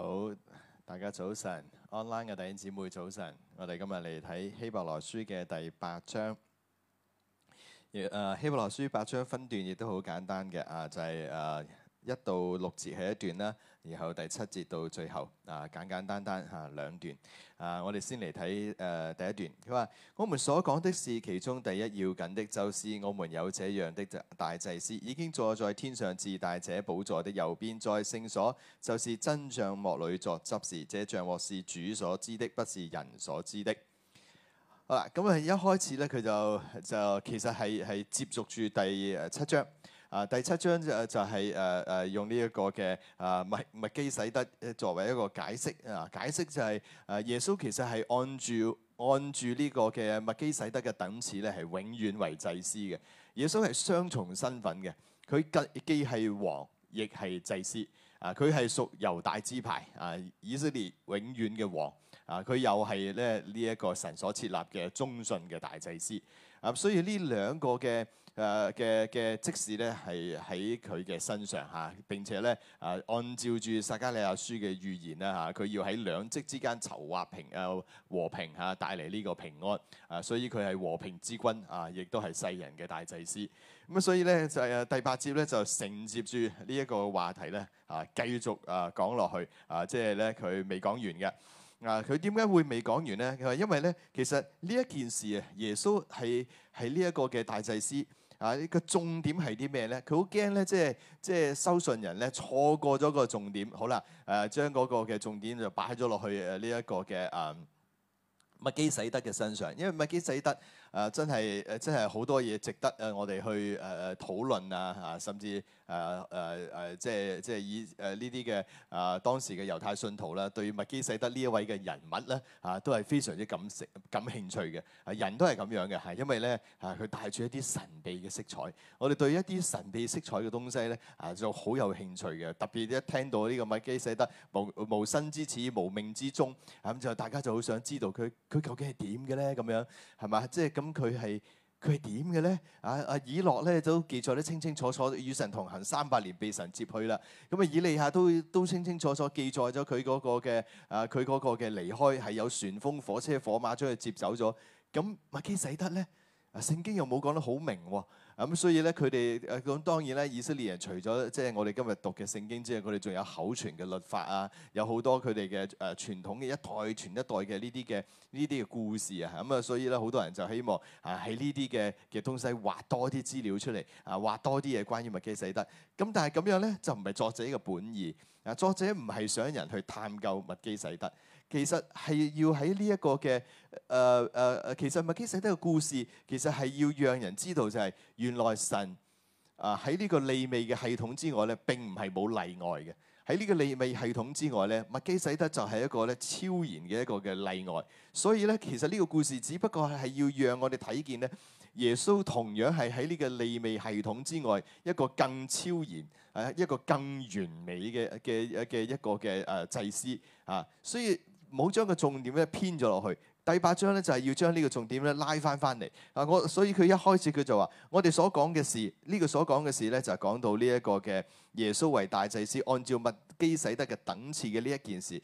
好，大家早晨，online 嘅弟兄姊妹早晨。我哋今日嚟睇希伯來書嘅第八章。如、啊、希伯來書八章分段亦都好簡單嘅啊，就係、是、誒。啊一到六節係一段啦，然後第七節到最後啊，簡簡單單嚇兩段啊。我哋先嚟睇誒第一段。佢話： 我們所講的是其中第一要緊的，就是我們有這樣的大祭司，已經坐在天上至大者寶座的右邊，在聖所，就是真帳幕裏作執事，這帳幕是主所知的，不是人所知的。 好啦，咁啊，一開始呢，佢就就其實係係接續住第七章。啊，第七章就就係誒誒用呢一個嘅啊麥麥基洗德作為一個解釋啊，解釋就係誒耶穌其實係按住按住呢個嘅麥基洗德嘅等次咧，係永遠為祭司嘅。耶穌係雙重身份嘅，佢既係王，亦係祭司啊。佢係屬猶大支派啊，以色列永遠嘅王啊，佢又係咧呢一個神所設立嘅忠信嘅大祭司啊。所以呢兩個嘅。誒嘅嘅，即使咧係喺佢嘅身上嚇、啊，並且咧誒、啊、按照住撒迦利亞書嘅預言啦嚇，佢、啊、要喺兩職之間籌劃平誒和平嚇、啊，帶嚟呢個平安啊，所以佢係和平之君啊，亦都係世人嘅大祭司。咁啊，所以咧就係、是、啊第八節咧就承接住呢一個話題咧嚇、啊，繼續誒講落去啊，即係咧佢未講完嘅啊，佢點解會未講完咧？佢話因為咧其實呢一件事啊，耶穌係係呢一個嘅大祭司。啊！呢個重點係啲咩咧？佢好驚咧，即係即係收信人咧錯過咗個重點。好啦，誒將嗰個嘅重點就擺咗落去誒呢一個嘅誒。嗯麥基洗德嘅身上，因為麥基洗德誒、呃、真係誒真係好多嘢值得誒我哋去誒誒討論啊，甚至誒誒誒即係即係以誒呢啲嘅啊、呃、當時嘅猶太信徒啦，對麥基洗德呢一位嘅人物咧嚇、啊、都係非常之感感興趣嘅、啊，人都係咁樣嘅嚇，因為咧嚇佢帶住一啲神秘嘅色彩，我哋對一啲神秘色彩嘅東西咧啊就好、啊、有興趣嘅，特別一聽到呢個麥基洗德無無，無生之始，無命之終，咁、啊、就大家就好想知道佢。佢究竟係點嘅咧？咁樣係嘛？即係咁佢係佢係點嘅咧？啊啊！以諾咧都記載得清清楚楚，與神同行三百年被神接去啦。咁、嗯、啊，以利亞都都清清楚楚記載咗佢嗰個嘅啊佢嗰個嘅離開係有旋風、火車、火馬將佢接走咗。咁、嗯、麥、啊、基洗德咧，聖、啊、經又冇講得好明喎、啊。咁所以咧，佢哋誒咁當然咧，以色列人除咗即係我哋今日讀嘅聖經之外，佢哋仲有口傳嘅律法啊，有好多佢哋嘅誒傳統嘅一代傳一代嘅呢啲嘅呢啲嘅故事啊。咁啊，所以咧，好多人就希望啊喺呢啲嘅嘅東西挖多啲資料出嚟啊，挖多啲嘢關於麥基洗德。咁但係咁樣咧，就唔係作者嘅本意啊。作者唔係想人去探究麥基洗德。其實係要喺呢一個嘅誒誒誒，其實麥基洗德嘅故事，其實係要讓人知道就係、是、原來神啊喺呢個利未嘅系統之外咧，並唔係冇例外嘅。喺呢個利未系統之外咧，麥基洗德就係一個咧超然嘅一個嘅例外。所以咧，其實呢個故事只不過係要讓我哋睇見咧，耶穌同樣係喺呢個利未系統之外，一個更超然啊、呃，一個更完美嘅嘅嘅一個嘅誒、呃、祭司啊、呃。所以。唔好將個重點咧偏咗落去，第八章咧就係要將呢個重點咧拉翻翻嚟。嗱，我所以佢一開始佢就話：我哋所講嘅事，呢、這個所講嘅事咧就係講到呢一個嘅耶穌為大祭司按照麥基洗德嘅等次嘅呢一件事。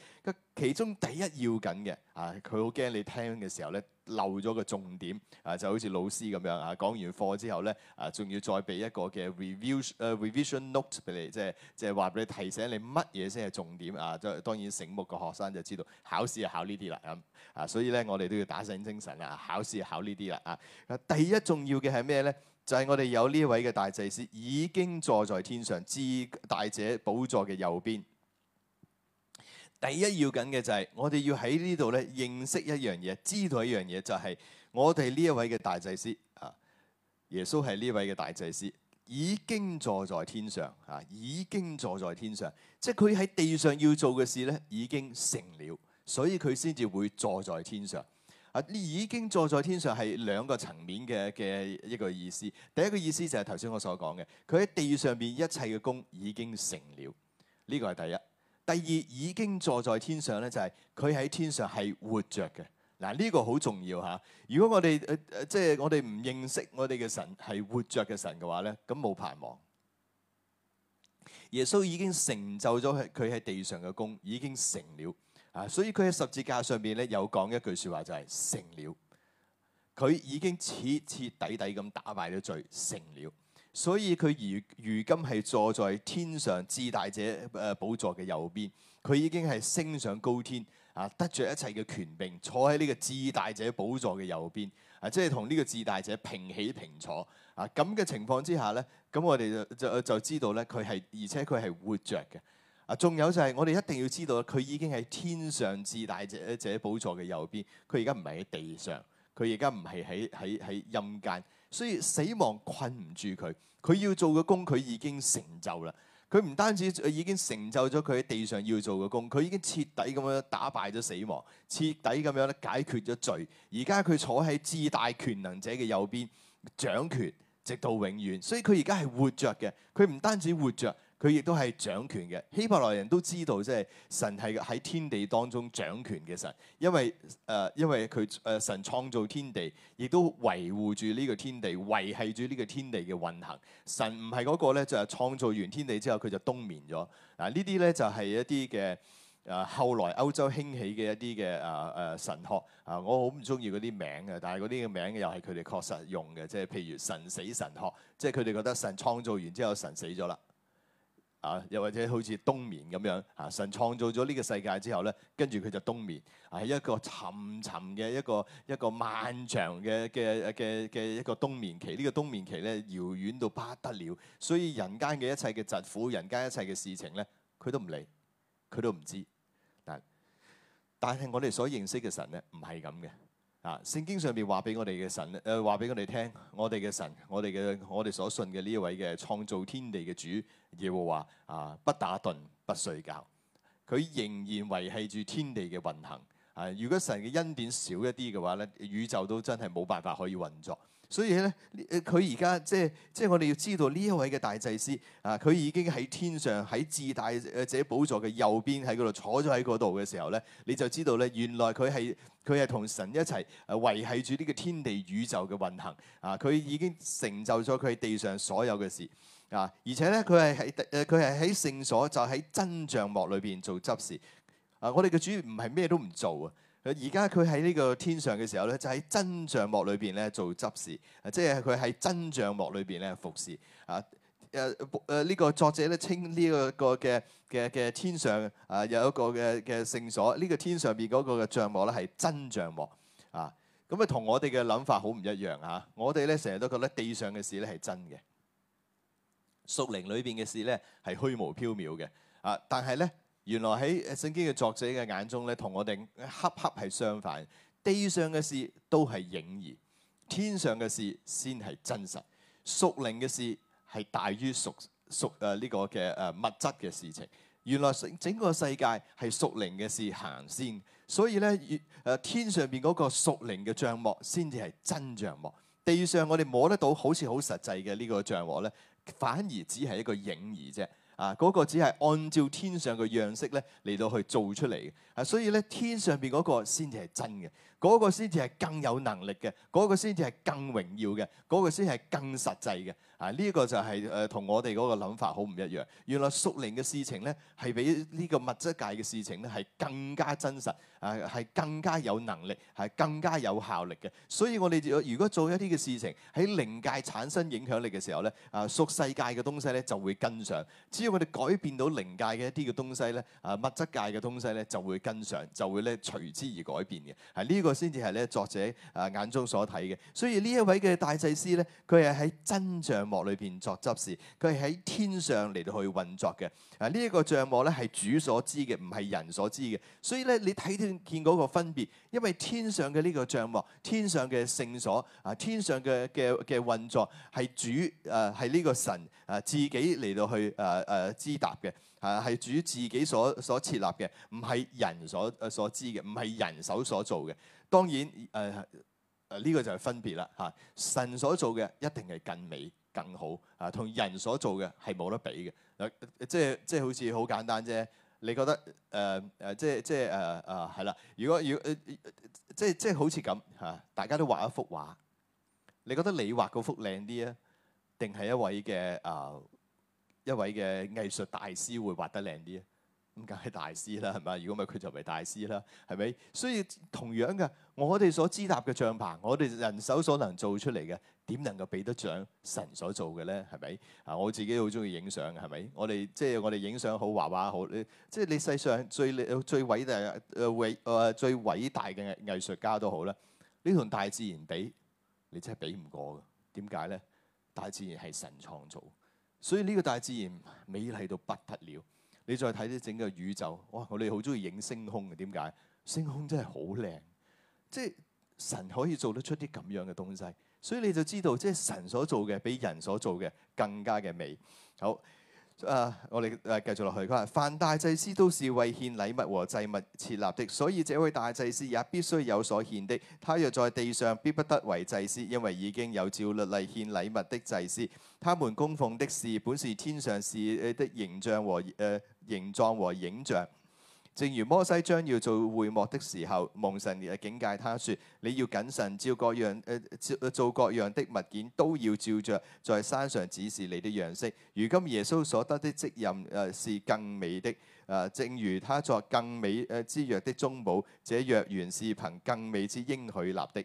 其中第一要緊嘅，啊，佢好驚你聽嘅時候咧。漏咗個重點啊，就好似老師咁樣啊，講完課之後咧啊，仲要再俾一個嘅 review 誒、uh, revision note 俾你，即係即係話俾你提醒你乜嘢先係重點啊。當然醒目嘅學生就知道考試係考呢啲啦咁啊，所以咧我哋都要打醒精神啊，考試係考呢啲啦啊。第一重要嘅係咩咧？就係、是、我哋有呢一位嘅大祭司已經坐在天上至大者寶座嘅右邊。第一要緊嘅就係我哋要喺呢度咧認識一樣嘢，知道一樣嘢，就係我哋呢一位嘅大祭司啊，耶穌係呢位嘅大祭司，已經坐在天上啊，已經坐在天上，即係佢喺地上要做嘅事咧已經成了，所以佢先至會坐在天上啊。已經坐在天上係兩個層面嘅嘅一個意思。第一個意思就係頭先我所講嘅，佢喺地上邊一切嘅功已經成了，呢個係第一。第二已經坐在天上咧，就係佢喺天上係活著嘅。嗱、這、呢個好重要嚇。如果我哋誒誒，即、就、係、是、我哋唔認識我哋嘅神係活著嘅神嘅話咧，咁冇盼望。耶穌已經成就咗佢喺地上嘅功，已經成了啊！所以佢喺十字架上邊咧有講一句説話，就係、是、成了。佢已經徹徹底底咁打敗咗罪，成了。所以佢如如今係坐在天上至大者誒寶座嘅右邊，佢已經係升上高天啊，得着一切嘅權柄，坐喺呢個至大者寶座嘅右邊啊，即係同呢個至大者平起平坐啊。咁嘅情況之下咧，咁我哋就就就就知道咧，佢係而且佢係活著嘅啊。仲有就係我哋一定要知道，佢已經係天上至大者者寶座嘅右邊，佢而家唔係喺地上，佢而家唔係喺喺喺陰間。所以死亡困唔住佢，佢要做嘅工佢已經成就啦。佢唔單止已經成就咗佢喺地上要做嘅工，佢已經徹底咁樣打敗咗死亡，徹底咁樣咧解決咗罪。而家佢坐喺至大權能者嘅右邊掌權，直到永遠。所以佢而家係活着嘅，佢唔單止活着。佢亦都係掌權嘅，希伯來人都知道，即係神係喺天地當中掌權嘅神，因為誒、呃，因為佢誒、呃、神創造天地，亦都維護住呢個天地，維繫住呢個天地嘅運行。神唔係嗰個咧，就係、是、創造完天地之後，佢就冬眠咗嗱。啊、呢啲咧就係、是、一啲嘅誒，後來歐洲興起嘅一啲嘅誒誒神學啊，我好唔中意嗰啲名嘅，但係嗰啲嘅名又係佢哋確實用嘅，即係譬如神死神學，即係佢哋覺得神創造完之後，神死咗啦。啊，又或者好似冬眠咁樣，啊，神創造咗呢個世界之後咧，跟住佢就冬眠，係一個沉沉嘅一個一個漫長嘅嘅嘅嘅一個冬眠期。呢個冬眠期咧，遙遠到不得了，所以人間嘅一切嘅疾苦，人間一切嘅事情咧，佢都唔理，佢都唔知。但但係我哋所認識嘅神咧，唔係咁嘅。啊！聖經上面話俾我哋嘅神，誒話俾我哋聽，我哋嘅神，我哋嘅我哋所信嘅呢一位嘅創造天地嘅主耶和華，啊，不打盹，不睡覺，佢仍然維係住天地嘅運行。啊，如果神嘅恩典少一啲嘅話咧，宇宙都真係冇辦法可以運作。所以咧，佢而家即係即係我哋要知道呢一位嘅大祭司啊，佢已經喺天上喺至大者寶座嘅右邊喺嗰度坐咗喺嗰度嘅時候咧，你就知道咧，原來佢係佢係同神一齊維係住呢個天地宇宙嘅運行啊！佢已經成就咗佢地上所有嘅事啊！而且咧，佢係喺誒佢係喺聖所就喺、是、真帳幕裏邊做執事啊！我哋嘅主唔係咩都唔做啊！而家佢喺呢個天上嘅時候咧，就喺真帳幕裏邊咧做執事，即係佢喺真帳幕裏邊咧服事。啊，誒誒呢個作者咧稱呢個個嘅嘅嘅天上啊有一個嘅嘅聖所，呢個天上邊嗰個嘅帳幕咧係真帳幕，啊，咁啊同我哋嘅諗法好唔一樣啊！我哋咧成日都覺得地上嘅事咧係真嘅，屬靈裏邊嘅事咧係虛無縹緲嘅，啊，但係咧，原來喺聖經嘅作者嘅眼中咧，同我哋恰恰係相反。地上嘅事都係影兒，天上嘅事先係真實。屬靈嘅事係大於屬屬誒呢個嘅誒、啊、物質嘅事情。原來整整個世界係屬靈嘅事行先，所以咧誒天上邊嗰個屬靈嘅帳幕先至係真帳幕。地上我哋摸得到好似好實際嘅呢個帳幕咧，反而只係一個影兒啫。啊！嗰個只係按照天上嘅樣式咧嚟到去做出嚟嘅，啊！所以咧天上邊嗰個先至係真嘅，嗰個先至係更有能力嘅，嗰個先至係更榮耀嘅，嗰個先係更實際嘅。啊！呢個就係誒同我哋嗰個諗法好唔一樣。原來屬靈嘅事情咧，係比呢個物質界嘅事情咧係更加真實。誒係更加有能力，係更加有效力嘅。所以我哋如果做一啲嘅事情喺靈界產生影響力嘅時候咧，啊，屬世界嘅東西咧就會跟上。只要我哋改變到靈界嘅一啲嘅東西咧，啊，物質界嘅東西咧就會跟上，就會咧隨之而改變嘅。啊、這、呢個先至係咧作者啊，眼中所睇嘅。所以呢一位嘅大祭司咧，佢係喺真帳幕裏邊作執事，佢係喺天上嚟到去運作嘅。啊，呢一個帳幕咧係主所知嘅，唔係人所知嘅。所以咧你睇到。見到個分別，因為天上嘅呢個帳幕，天上嘅聖所啊，天上嘅嘅嘅運作係主誒係呢個神誒自己嚟到去誒誒支搭嘅啊，係主自己所所設立嘅，唔係人所所知嘅，唔係人手所做嘅。當然誒誒呢個就係分別啦吓，神所做嘅一定係更美更好啊，同人所做嘅係冇得比嘅。即即好似好簡單啫。你覺得誒誒、呃呃、即係即係誒誒係啦？如果要誒、呃、即係即係好似咁嚇，大家都畫一幅畫，你覺得你畫嗰幅靚啲啊？定係一位嘅誒、呃、一位嘅藝術大師會畫得靚啲啊？咁梗係大師啦，係咪？如果唔係佢就唔係大師啦，係咪？所以同樣嘅，我哋所支搭嘅帳棚，我哋人手所能做出嚟嘅。點能夠比得上神所做嘅咧？係咪啊？我自己好中意影相，係咪？我哋即係我哋影相好，畫畫好，你，即係你世上最你最偉大偉誒呃呃最偉大嘅藝術家都好啦。你同大自然比，你真係比唔過嘅。點解咧？大自然係神創造，所以呢個大自然美麗到不得了。你再睇啲整個宇宙哇！我哋好中意影星空嘅，點解星空真係好靚？即係神可以做得出啲咁樣嘅東西。所以你就知道，即係神所做嘅比人所做嘅更加嘅美。好，啊，我哋啊繼續落去。佢話：凡大祭司都是為獻禮物和祭物設立的，所以這位大祭司也必須有所獻的。他若在地上，必不得為祭司，因為已經有照律例獻禮物的祭司。他們供奉的是事，本是天上事的形象和誒、呃、形狀和影像。正如摩西將要做會幕的時候，蒙神誒警戒他說：你要謹慎照各樣誒照、呃、做各樣的物件，都要照着在山上指示你的樣式。如今耶穌所得的職任誒是更美的誒、呃，正如他作更美誒之約的中保，這約原是憑更美之應許立的。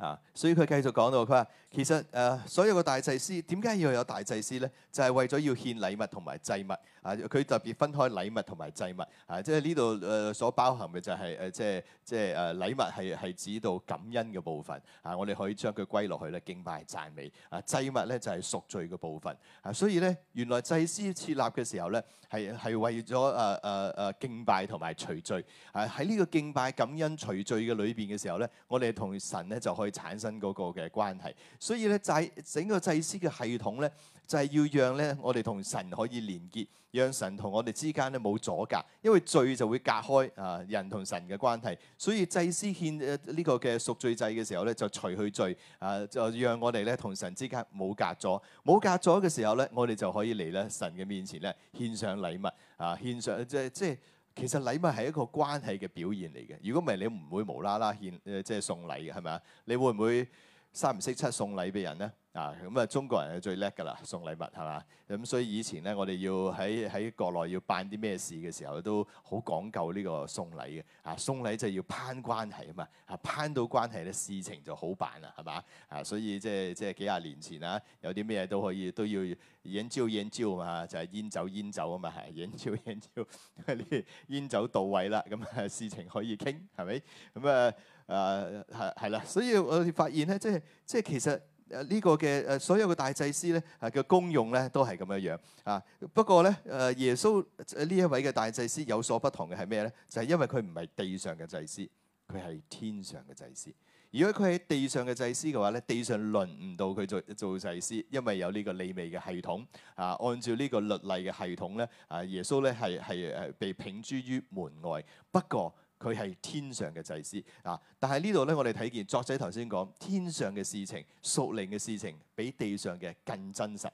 啊，所以佢繼續講到，佢話其實誒、啊、所有個大祭司點解要有大祭司咧？就係、是、為咗要獻禮物同埋祭物啊！佢特別分開禮物同埋祭物啊！即係呢度誒所包含嘅就係誒即係即係誒禮物係係指到感恩嘅部分啊！我哋可以將佢歸落去咧敬拜讚美啊！祭物咧就係、是、贖罪嘅部分啊！所以咧原來祭司設立嘅時候咧係係為咗誒誒誒敬拜同埋除罪啊！喺呢個敬拜感恩除罪嘅裏邊嘅時候咧，我哋同神咧就可以。產生嗰個嘅關係，所以咧祭整個祭司嘅系統咧，就係要讓咧我哋同神可以連結，讓神同我哋之間咧冇阻隔，因為罪就會隔開啊人同神嘅關係。所以祭司獻呢個嘅贖罪祭嘅時候咧，就除去罪啊，就讓我哋咧同神之間冇隔咗，冇隔咗嘅時候咧，我哋就可以嚟咧神嘅面前咧獻上禮物啊，獻上即係即係。其實禮物係一個關係嘅表現嚟嘅，如果唔係，你唔會無啦啦獻，即係送禮，係咪？你會唔會三唔識七送禮畀人呢？啊，咁、嗯、啊，中國人係最叻㗎啦，送禮物係嘛咁，所以以前咧，我哋要喺喺國內要辦啲咩事嘅時候，都好講究呢個送禮嘅啊。送禮就要攀關係啊嘛啊，攀到關係咧，事情就好辦啦，係嘛啊，所以即係即係幾廿年前啊，有啲咩都可以都要引招引招啊，就係煙酒煙酒啊嘛，係引招引招啲煙酒到位啦，咁、嗯、啊，事情可以傾，係咪？咁啊，啊，係係啦，所以我哋發現咧，即即，即其實。誒呢個嘅誒所有嘅大祭司咧，誒嘅功用咧都係咁樣樣啊。不過咧，誒耶穌呢一位嘅大祭司有所不同嘅係咩咧？就係、是、因為佢唔係地上嘅祭司，佢係天上嘅祭司。如果佢喺地上嘅祭司嘅話咧，地上輪唔到佢做做祭司，因為有呢個利未嘅系統啊。按照呢個律例嘅系統咧，誒耶穌咧係係係被屏諸於門外。不過，佢係天上嘅祭司啊！但係呢度咧，我哋睇見作者頭先講，天上嘅事情、屬靈嘅事情，比地上嘅更真實，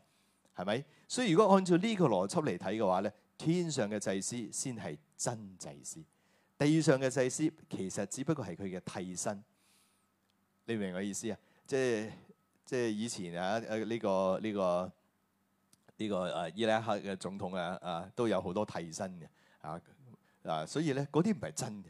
係咪？所以如果按照呢個邏輯嚟睇嘅話咧，天上嘅祭司先係真祭司，地上嘅祭司其實只不過係佢嘅替身。你明我意思啊？即係即係以前啊誒呢、啊呢個呢、呢個呢、呢個誒、啊、伊拉克嘅總統啊啊都有好多替身嘅啊啊！所以咧嗰啲唔係真嘅。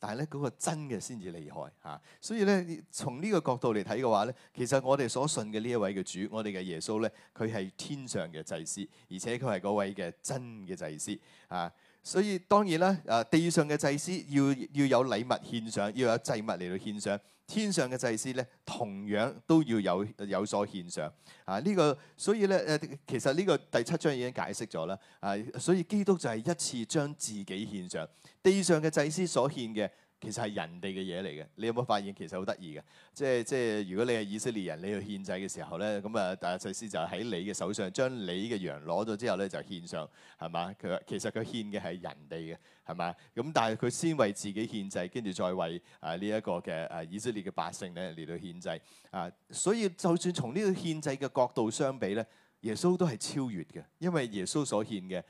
但係咧，嗰個真嘅先至厲害嚇、啊，所以咧從呢個角度嚟睇嘅話咧，其實我哋所信嘅呢一位嘅主，我哋嘅耶穌咧，佢係天上嘅祭司，而且佢係嗰位嘅真嘅祭司啊，所以當然啦，誒、啊、地上嘅祭司要要有禮物獻上，要有祭物嚟到獻上。天上嘅祭司咧，同樣都要有有所獻上啊！呢個，所以咧誒，啊，其實呢個第七章已經解釋咗啦啊！所以基督就係一次將自己獻上，地上嘅祭司所獻嘅，其實係人哋嘅嘢嚟嘅，你有冇發現其實好得意嘅？即係即係，如果你係以色列人，你去獻祭嘅時候咧，咁啊大祭司就喺你嘅手上將你嘅羊攞咗之後咧，就獻上，係嘛？佢其實佢獻嘅係人哋嘅，係嘛？咁但係佢先為自己獻祭，跟住再為啊呢一個嘅啊以色列嘅百姓咧嚟到獻祭啊。所以就算從呢個獻祭嘅角度相比咧，耶穌都係超越嘅，因為耶穌所獻嘅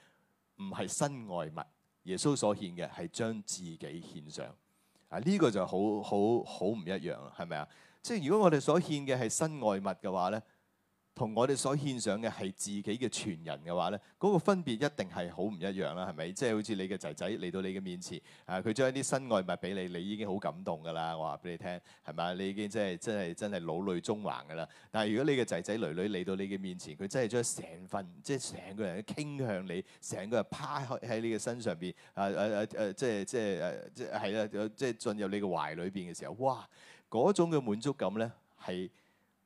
唔係身外物，耶穌所獻嘅係將自己獻上。啊！呢個就好好好唔一樣啦，係咪啊？即係如果我哋所獻嘅係身外物嘅話咧。同我哋所獻上嘅係自己嘅全人嘅話咧，嗰、嗰個分別一定係好唔一樣啦，係咪？即係好似你嘅仔仔嚟到你嘅面前，啊，佢將一啲新外物俾你，你已經好感動噶啦，我話俾你聽，係咪啊？你已經即係即係真係老淚縱橫噶啦。但係如果你嘅仔仔女女嚟到你嘅面前，佢真係將成份即係成個人傾向你，成個人趴喺你嘅身上邊，啊啊啊啊！即係即係誒，啦、啊，即係、啊啊啊啊啊啊、進入你嘅懷裏邊嘅時候，哇！嗰種嘅滿足感咧係。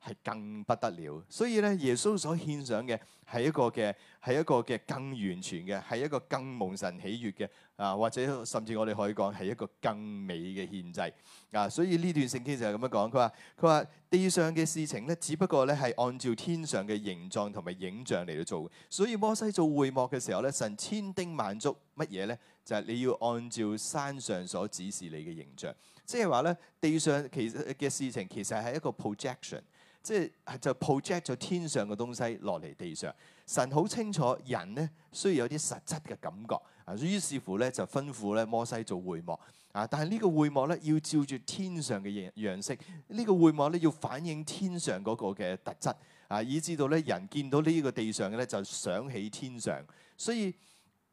係更不得了，所以咧，耶穌所獻上嘅係一個嘅係一個嘅更完全嘅，係一個更蒙神喜悅嘅啊，或者甚至我哋可以講係一個更美嘅獻祭啊。所以呢段聖經就係咁樣講，佢話佢話地上嘅事情咧，只不過咧係按照天上嘅形狀同埋影像嚟到做。所以摩西做會幕嘅時候咧，神千叮萬囑乜嘢咧？就係、是、你要按照山上所指示你嘅形象，即係話咧地上其實嘅事情其實係一個 projection。即係就 project 咗天上嘅東西落嚟地上，神好清楚人咧需要有啲實質嘅感覺啊，於是乎咧就吩咐咧摩西做會幕啊，但係呢個會幕咧要照住天上嘅樣樣式，這個、呢個會幕咧要反映天上嗰個嘅特質啊，以至到咧人見到呢個地上嘅咧就想起天上，所以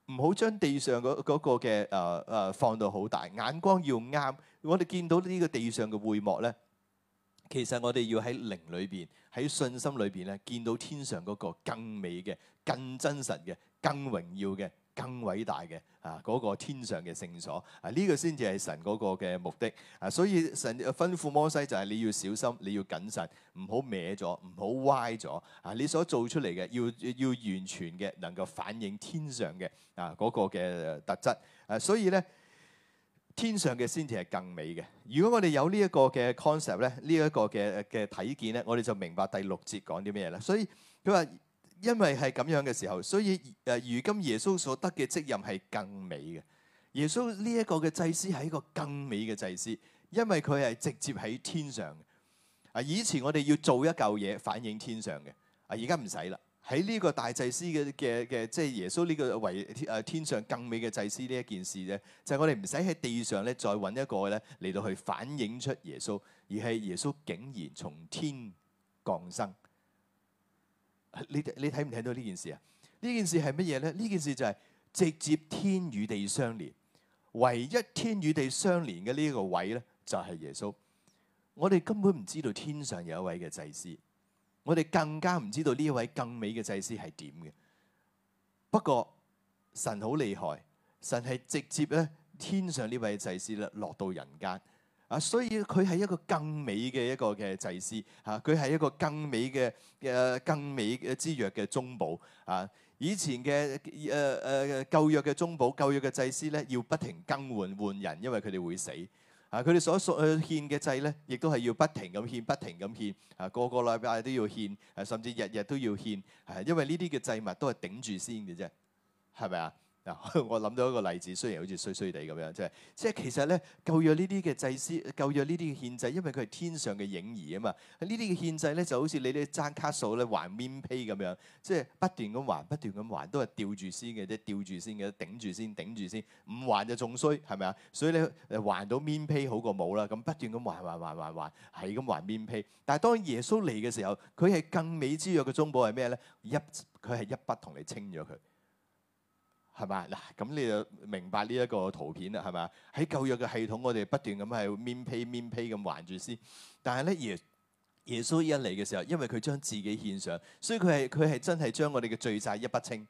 唔好將地上嗰個嘅誒誒放到好大，眼光要啱，我哋見到呢個地上嘅會幕咧。其實我哋要喺靈裏邊，喺信心裏邊咧，見到天上嗰個更美嘅、更真實嘅、更榮耀嘅、更偉大嘅啊，嗰個天上嘅聖所啊，呢個先至係神嗰個嘅目的啊，所以神吩咐摩西就係你要小心，你要謹慎，唔好歪咗，唔好歪咗啊！你所做出嚟嘅要要完全嘅，能夠反映天上嘅啊嗰個嘅特質啊，所以咧。天上嘅先至係更美嘅。如果我哋有呢一個嘅 concept 咧，呢、這、一個嘅嘅睇見咧，我哋就明白第六節講啲咩咧。所以佢話，因為係咁樣嘅時候，所以誒，如今耶穌所得嘅職任係更美嘅。耶穌呢一個嘅祭司係一個更美嘅祭司，因為佢係直接喺天上嘅。啊，以前我哋要做一嚿嘢反映天上嘅啊，而家唔使啦。喺呢個大祭司嘅嘅嘅，即係耶穌呢個為誒天上更美嘅祭司呢一件事咧，就係我哋唔使喺地上咧再搵一個咧嚟到去反映出耶穌，而係耶穌竟然從天降生。你你睇唔睇到呢件事啊？呢件事係乜嘢咧？呢件事就係直接天與地相連，唯一天與地相連嘅呢一個位咧，就係耶穌。我哋根本唔知道天上有一位嘅祭司。我哋更加唔知道呢一位更美嘅祭司係點嘅。不過神好厲害，神係直接咧天上呢位祭司落到人間啊，所以佢係一個更美嘅一個嘅祭司啊，佢係一個更美嘅嘅、啊、更美嘅之約嘅中保啊。以前嘅誒誒舊約嘅中保，舊約嘅祭司咧，要不停更換，換人，因為佢哋會死。啊！佢哋所所獻嘅祭咧，亦都係要不停咁獻，不停咁獻。啊，個個禮拜都要獻，啊，甚至日日都要獻，啊，因為呢啲嘅祭物都係頂住先嘅啫，係咪啊？嗱， 我諗到一個例子，雖然好似衰衰地咁樣，即係即係其實咧，舊約呢啲嘅祭司，舊約呢啲嘅獻祭，因為佢係天上嘅影兒啊嘛，憲呢啲嘅獻祭咧就好似你啲爭卡數咧還面皮咁樣，即係不斷咁還，不斷咁還，還，都係吊住先嘅，即係吊住先嘅，頂住先，頂住先，唔還就仲衰，係咪啊？所以咧，還到面皮好過冇啦，咁不斷咁還還還還還，係咁還面皮。Pay，但係當耶穌嚟嘅時候，佢係更美之約嘅中保係咩咧？一佢係一筆同你清咗佢。係咪？嗱，咁你就明白呢一個圖片啦，係咪？喺舊約嘅系統，我哋不斷咁係面 pay 面 pay 咁還住先。但係咧，耶耶穌一嚟嘅時候，因為佢將自己獻上，所以佢係佢係真係將我哋嘅罪債一筆清。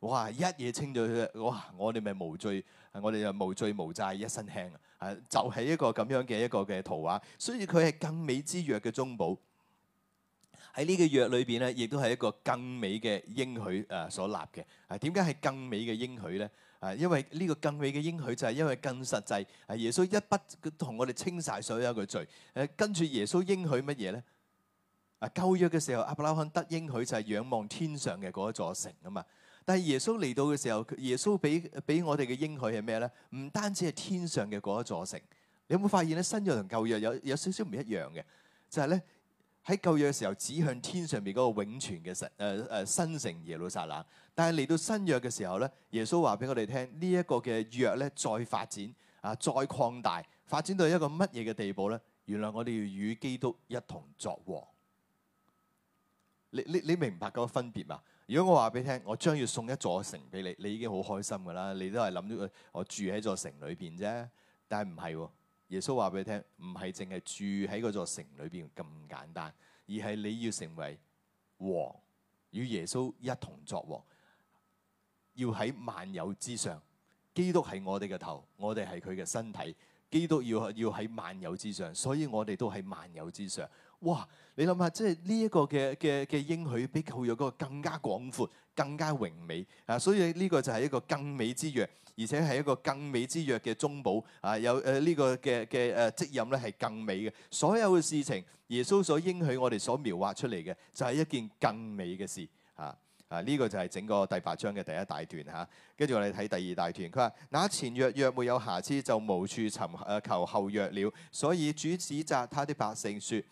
哇！一嘢清咗佢，哇！我哋咪無罪，我哋就無罪無債，一身輕啊！就係、係、一個咁樣嘅一個嘅圖畫，所以佢係更美之約嘅中保。喺呢個約裏邊咧，亦都係一個更美嘅應許啊，所立嘅。點解係更美嘅應許咧？啊，因為呢個更美嘅應許就係因為更實際。啊，耶穌一筆同我哋清晒所有嘅罪。誒，跟住耶穌應許乜嘢咧？啊，舊約嘅時候，亞伯拉罕得應許就係仰望天上嘅嗰一座城啊嘛。但係耶穌嚟到嘅時候，耶穌俾俾我哋嘅應許係咩咧？唔單止係天上嘅嗰一座城。你有冇發現咧？新約同舊約有有少少唔一樣嘅，就係咧。喺舊約嘅時候，指向天上邊嗰個永存嘅神，誒、呃、誒、呃、新城耶路撒冷。但係嚟到新約嘅時候咧，耶穌話俾我哋聽，呢、這、一個嘅約咧再發展，啊再擴大，發展到一個乜嘢嘅地步咧？原來我哋要與基督一同作王。你你你明白嗰個分別嘛？如果我話俾你聽，我將要送一座城俾你，你已經好開心噶啦，你都係諗住我住喺座城裏邊啫。但係唔係喎。耶穌話俾你聽，唔係淨係住喺嗰座城裏邊咁簡單，而係你要成為王，與耶穌一同作王，要喺萬有之上。基督係我哋嘅頭，我哋係佢嘅身體。基督要要喺萬有之上，所以我哋都喺萬有之上。哇！你諗下，即係呢一個嘅嘅嘅應許，比舊約嗰個更加廣闊、更加榮美啊！所以呢個就係一個更美之約，而且係一個更美之約嘅中保啊！有誒呢、呃這個嘅嘅誒職任咧係更美嘅。所有嘅事情，耶穌所應許我哋所描畫出嚟嘅，就係、是、一件更美嘅事啊！啊，呢、這個就係整個第八章嘅第一大段嚇。跟、啊、住我哋睇第二大段，佢話：那前約若，若，若沒有瑕疵，就無處尋誒求後約了。所以主指責他的百姓說。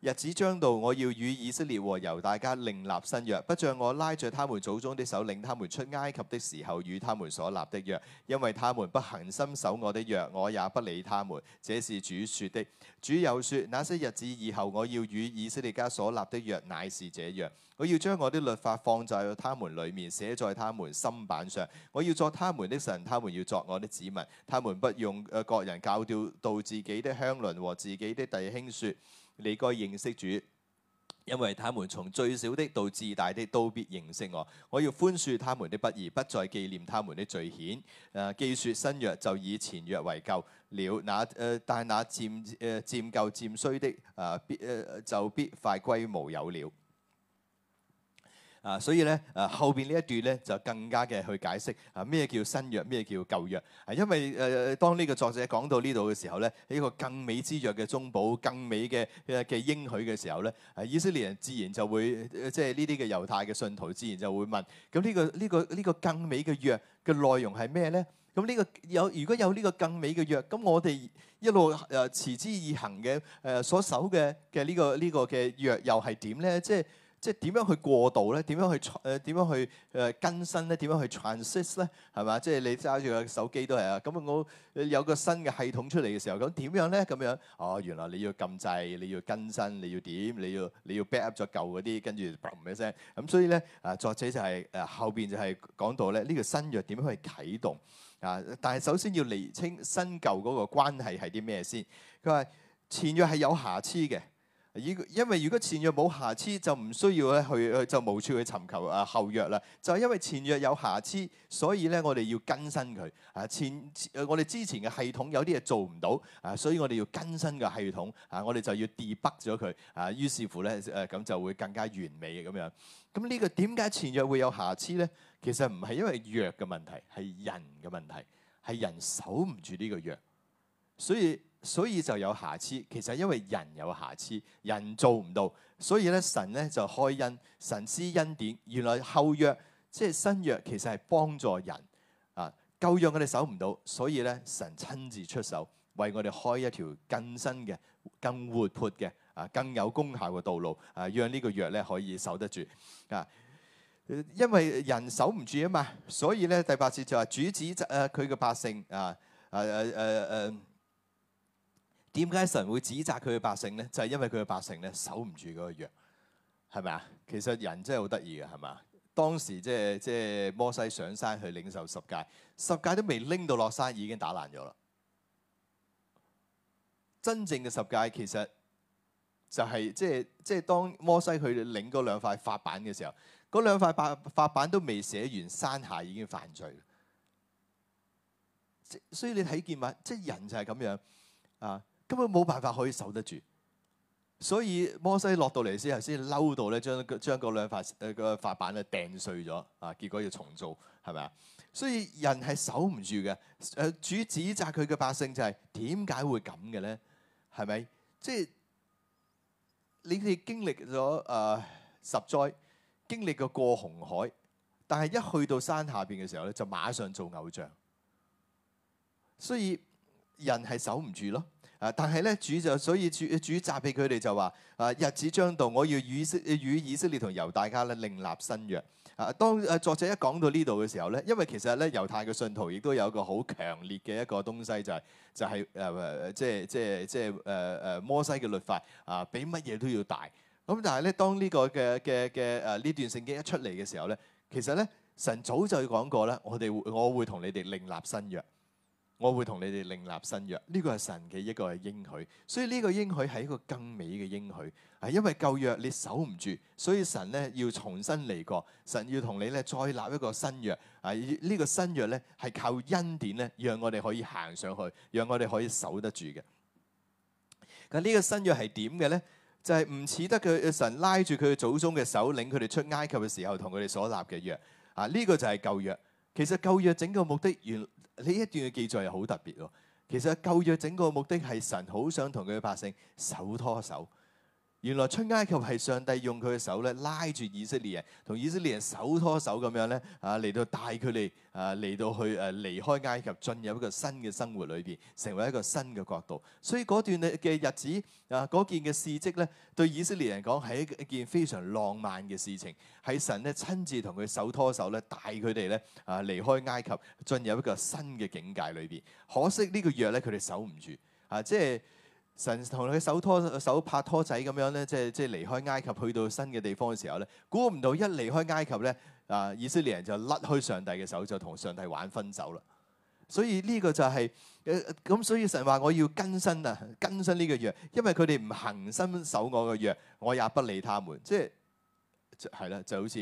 日子將到，我要與以色列和猶大家另立新約，不像我拉着他們祖宗的手，領他們出埃及的時候與他們所立的約，因為他們不恒心守我的約，我也不理他們。這是主說的。主又說：那些日子以後，我要與以色列家所立的約乃是這樣，我要將我的律法放在他們裏面，寫在他們心板上。我要作他們的神，他們要作我的子民。他們不用各人教導自己的鄉鄰和自己的弟兄說。你該認識主，因為他們從最小的到至大的都必認識我。我要寬恕他們的不義，不再記念他們的罪愆。既、呃、説新約就以前約為舊了，那、呃、誒，但那漸誒、呃、漸舊漸衰的誒、啊，必誒、呃、就必快歸無有了。啊，所以咧，誒、啊、後邊呢一段咧就更加嘅去解釋啊，咩叫新約，咩叫舊約。啊，因為誒、啊、當呢個作者講到呢度嘅時候咧，呢個更美之約嘅中保，更美嘅嘅應許嘅時候咧，啊以色列人自然就會、啊、即係呢啲嘅猶太嘅信徒自然就會問：咁、啊、呢、呢個呢、呢個呢、呢個更美嘅約嘅內容係咩咧？咁、啊、呢、呢個有如果有呢個更美嘅約，咁我哋一路誒持之以恒嘅誒所守嘅嘅、呢個呢個呢個、呢個呢個嘅約又係點咧？即係。即係點樣去過渡咧？點樣去誒點、呃、樣去誒更新咧？點樣去 transit 咧？係嘛？即係你揸住個手機都係啊。咁我有個新嘅系統出嚟嘅時候，咁點樣咧？咁樣哦，原來你要撳掣，你要更新，你要點？你要你要 backup 咗舊嗰啲，跟住嘣嘅聲。咁、呃、所以咧，啊作者就係、是、誒、啊、後邊就係講到咧，呢、這個新約點樣去啟動啊？但係首先要釐清新舊嗰個關係係啲咩先。佢話前約係有瑕疵嘅。因為如果前約冇瑕疵，就唔需要咧去去就無處去尋求啊後約啦。就係、是、因為前約有瑕疵，所以咧我哋要更新佢啊前誒、啊、我哋之前嘅系統有啲嘢做唔到啊，所以我哋要更新個系統啊，我哋就要 debug 咗佢啊。於是乎咧誒，咁、啊、就會更加完美嘅咁樣。咁呢、呢個點解前約會有瑕疵咧？其實唔係因為約嘅問題，係人嘅問題，係人守唔住呢個約，所以。所以就有瑕疵，其實因為人有瑕疵，人做唔到，所以咧神咧就開恩，神施恩典。原來後約即係新約，其實係幫助人啊。舊約我哋守唔到，所以咧神親自出手，為我哋開一條更新嘅、更活潑嘅、啊更有功效嘅道路啊，讓呢個約咧可以守得住啊。因為人守唔住啊嘛，所以咧第八節就話主指啊佢嘅百姓啊啊啊啊啊！啊啊啊啊點解神會指責佢嘅百姓咧？就係因為佢嘅百姓咧守唔住嗰個約，係咪啊？其實人真係好得意嘅，係咪？當時即係即係摩西上山去領受十戒，十戒都未拎到落山已經打爛咗啦。真正嘅十戒其實就係即係即係當摩西去領嗰兩塊法板嘅時候，嗰兩塊法板都未寫完，山下已經犯罪。所以你睇見嘛？即係人就係咁樣啊！根本冇辦法可以守得住，所以摩西落到嚟先係先嬲到咧，將將嗰兩塊誒個法板咧掟碎咗啊！結果要重做，係咪啊？所以人係守唔住嘅。誒主指責佢嘅百姓就係點解會咁嘅咧？係咪？即係你哋經歷咗誒、呃、十災，經歷過過紅海，但係一去到山下邊嘅時候咧，就馬上做偶像。所以人係守唔住咯。啊！但係咧主就所以主主責俾佢哋就話：啊日子將到，我要與與以色列同猶大家咧另立新約。啊，當啊作者一講到呢度嘅時候咧，因為其實咧猶太嘅信徒亦都有一個好強烈嘅一個東西，就係、係、就係誒誒即係即係即係誒誒摩西嘅律法啊，比乜嘢都要大。咁、啊、但係咧，當呢個嘅嘅嘅誒呢段聖經一出嚟嘅時候咧，其實咧神早就講過咧，我哋我會同你哋另，另立新約。我會同你哋另立新約，呢個係神嘅，一個係應許，所以呢個應許係一個更美嘅應許，啊，因為舊約你守唔住，所以神咧要重新嚟過，神要同你咧再立一個新約，啊，呢個新約咧係靠恩典咧，讓我哋可以行上去，讓我哋可以守得住嘅。咁呢個新約係點嘅咧？就係唔似得佢神拉住佢祖宗嘅手，領佢哋出埃及嘅時候同佢哋所立嘅約，啊，呢個就係舊約。其實舊約整個目的原。呢一段嘅記載又好特別咯，其實舊約整個目的係神好想同佢嘅百姓手拖手。原來出埃及係上帝用佢嘅手咧拉住以色列人，同以色列人手拖手咁樣咧啊，嚟到帶佢哋啊嚟到去誒離開埃及，進入一個新嘅生活裏邊，成為一個新嘅國度。所以嗰段嘅日子啊，嗰件嘅事跡咧，對以色列人講係一件非常浪漫嘅事情。係神咧親自同佢手拖手咧帶佢哋咧啊離開埃及，進入一個新嘅境界裏邊。可惜呢個約咧佢哋守唔住啊，即係。神同佢手拖手拍拖仔咁樣咧，即係即係離開埃及去到新嘅地方嘅時候咧，估唔到一離開埃及咧，啊以色列人就甩開上帝嘅手，就同上帝玩分手啦。所以呢個就係誒咁，所以神話我要更新啊，更新呢個約，因為佢哋唔恒心守我嘅約，我也不理他們。即係係啦，就好似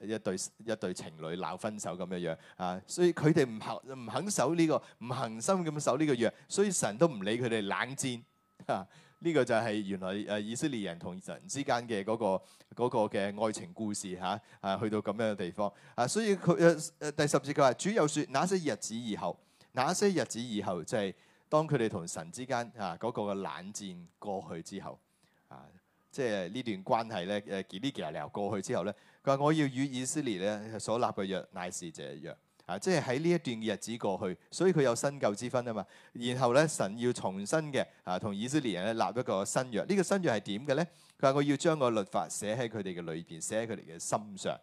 一對一對情侶鬧分手咁樣樣啊。所以佢哋唔恆唔肯守呢個，唔恒心咁守呢個約，所以神都唔理佢哋冷戰。嚇！呢、啊這個就係原來誒、啊、以色列人同神之間嘅嗰個嘅、那個那個、愛情故事嚇，誒、啊啊、去到咁樣嘅地方。啊，所以佢誒誒第十節佢話：主又説，那些日子以後，那些日子以後，就係、是、當佢哋同神之間啊嗰、那個嘅冷戰過去之後，啊，即係呢段關係咧誒幾呢幾日過去之後咧，佢話我要與以色列咧所立嘅約乃是者約。啊，即係喺呢一段日子過去，所以佢有新舊之分啊嘛。然後咧，神要重新嘅啊，同以色列人咧立一個新約。呢個新約係點嘅咧？佢話我要將個律法寫喺佢哋嘅裏邊，寫喺佢哋嘅心上。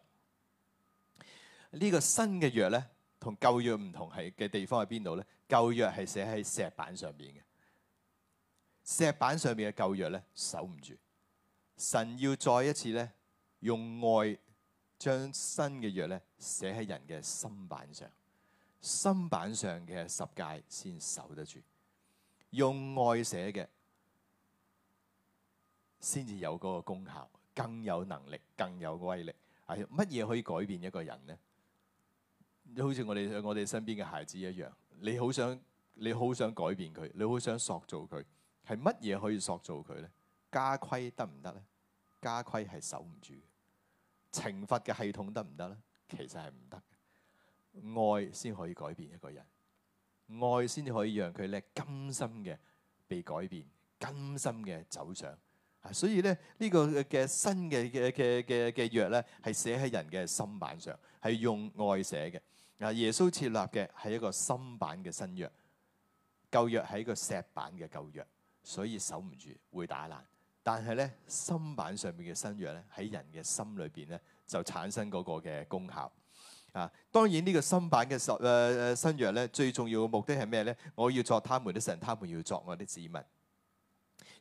呢個新嘅約咧，同舊約唔同係嘅地方喺邊度咧？舊約係寫喺石板上邊嘅，石板上邊嘅舊約咧守唔住。神要再一次咧用愛。將新嘅約咧寫喺人嘅心板上，心板上嘅十戒先守得住。用愛寫嘅先至有嗰個功效，更有能力，更有威力。係乜嘢可以改變一個人呢？好似我哋我哋身邊嘅孩子一樣，你好想你好想改變佢，你好想塑造佢。係乜嘢可以塑造佢呢？家規得唔得咧？家規係守唔住。懲罰嘅系統得唔得咧？其實係唔得，愛先可以改變一個人，愛先至可以讓佢咧甘心嘅被改變，甘心嘅走上。啊，所以咧呢個嘅新嘅嘅嘅嘅嘅約咧係寫喺人嘅心板上，係用愛寫嘅。啊，耶穌設立嘅係一個心板嘅新約，舊約係一個石板嘅舊約，所以守唔住會打爛。但係咧，心版上面嘅新約咧，喺人嘅心裏邊咧，就產生嗰個嘅功效啊！當然個、呃、呢個心版嘅十誒誒新約咧，最重要嘅目的係咩咧？我要作他們的神，他們要作我的子民。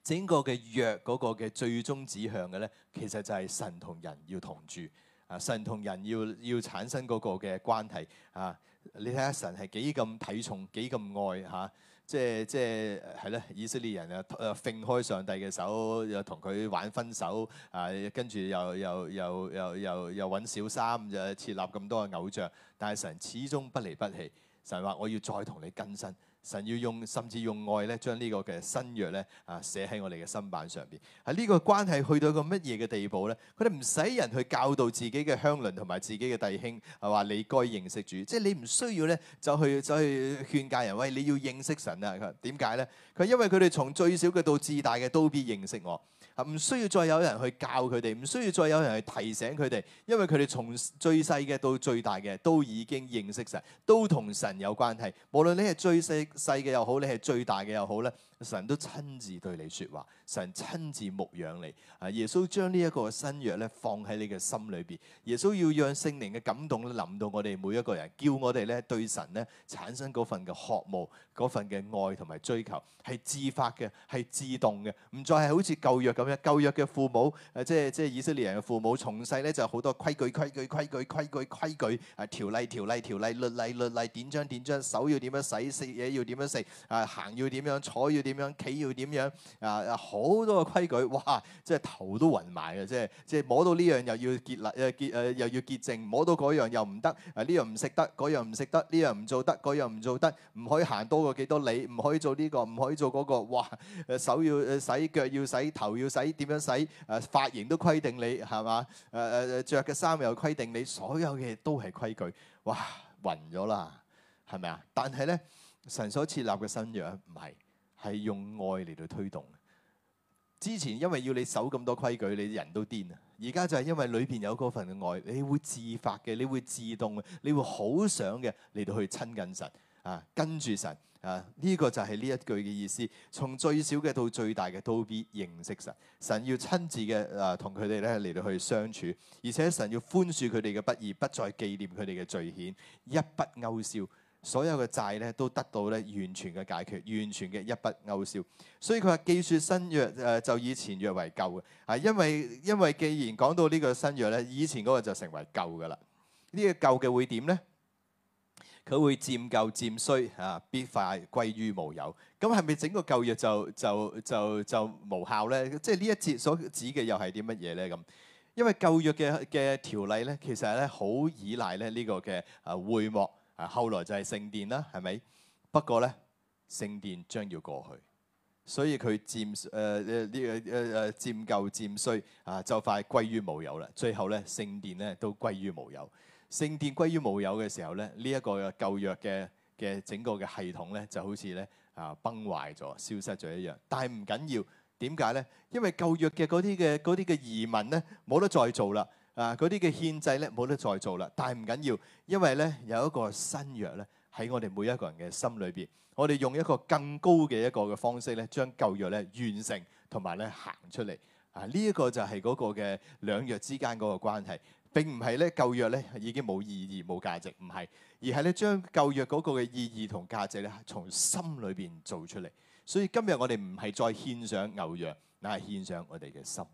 整個嘅約嗰個嘅最終指向嘅咧，其實就係神同人要同住啊！神同人要要產生嗰個嘅關係啊！你睇下神係幾咁體重，幾咁愛嚇。啊。即係即係係咧，以色列人啊，揈開上帝嘅手，又同佢玩分手啊，跟住又又又又又又揾小三，又設立咁多嘅偶像。但係神始終不離不棄，神話我要再同你更新。神要用，甚至用愛咧，將呢個嘅新約咧，啊寫喺我哋嘅心版上邊。喺、啊、呢、這個關係去到一個乜嘢嘅地步咧？佢哋唔使人去教導自己嘅鄉鄰同埋自己嘅弟兄，係、啊、話你該認識主。即係你唔需要咧，就去就去勸戒人，喂你要認識神啊！佢話點解咧？佢因為佢哋從最小嘅到至大嘅都必認識我，嚇、啊、唔需要再有人去教佢哋，唔需要再有人去提醒佢哋，因為佢哋從最細嘅到最大嘅都已經認識神，都同神有關係。無論你係最細。細嘅又好，你係最大嘅又好咧。神都親自對你説話，神親自牧養你。啊，耶穌將呢一個新約咧放喺你嘅心裏邊，耶穌要讓聖靈嘅感動咧臨到我哋每一個人，叫我哋咧對神咧產生嗰份嘅渴慕，嗰份嘅愛同埋追求，係自發嘅，係自動嘅，唔再係好似舊約咁樣，舊約嘅父母，誒、啊、即係即係以色列人嘅父母，從細咧就好多規矩規矩規矩規矩規矩，啊條例條例條例律例律例典章典章手要點樣洗，食嘢要點樣食，啊行要點樣、啊、坐要坐。要點樣企要點樣啊？好多嘅規矩，哇！即係頭都暈埋嘅，即係即係摸到呢樣又要潔立誒潔誒又要潔淨，摸到嗰樣又唔得啊！呢樣唔食得，嗰樣唔食得，呢樣唔做得，嗰樣唔做得，唔、啊、可以行多過幾多里，唔可以做呢、這個，唔可以做嗰、那個，哇！誒手要誒洗，腳要洗，頭要洗，點樣洗？誒、呃、髮型都規定你係嘛？誒誒、啊呃、着嘅衫又規定你，所有嘅嘢都係規矩，哇！暈咗啦，係咪啊？但係咧，神所設立嘅新約唔係。係用愛嚟到推動。之前因為要你守咁多規矩，你人都癲啊！而家就係因為裏邊有嗰份嘅愛，你會自發嘅，你會自動嘅，你會好想嘅嚟到去親近神啊，跟住神啊，呢個就係呢一句嘅意思。從最小嘅到最大嘅，都必認識神。神要親自嘅啊，同佢哋咧嚟到去相處，而且神要寬恕佢哋嘅不義，不再記念佢哋嘅罪愆，一筆勾銷。所有嘅債咧，都得到咧完全嘅解決，完全嘅一筆勾銷。所以佢話：既説新約，誒就以前約為舊嘅啊。因為因為既然講到呢個新約咧，以前嗰個就成為舊嘅啦。呢、這個舊嘅會點咧？佢會漸舊漸衰啊，必快歸於無有。咁係咪整個舊約就就就就就無效咧？即係呢一節所指嘅又係啲乜嘢咧？咁因為舊約嘅嘅條例咧，其實咧好依賴咧呢個嘅啊會幕，啊，後來就係聖殿啦，係咪？不過咧，聖殿將要過去，所以佢漸誒誒呢誒誒誒漸舊漸衰啊，就快歸於無有啦。最後咧，聖殿咧都歸於無有。聖殿歸於無有嘅時候咧，呢一個嘅舊約嘅嘅整個嘅系統咧，就好似咧啊崩壞咗、消失咗一樣。但係唔緊要，點解咧？因為舊約嘅嗰啲嘅啲嘅移民咧，冇得再做啦。啊！嗰啲嘅獻祭咧冇得再做啦，但係唔緊要，因為咧有一個新約咧喺我哋每一個人嘅心裏邊，我哋用一個更高嘅一個嘅方式咧，將舊約咧完成同埋咧行出嚟啊！呢一個就係嗰個嘅兩約之間嗰個關係，並唔係咧舊約咧已經冇意義冇價值，唔係，而係咧將舊約嗰個嘅意義同價值咧從心裏邊做出嚟。所以今日我哋唔係再獻上牛羊，乃係獻上我哋嘅心。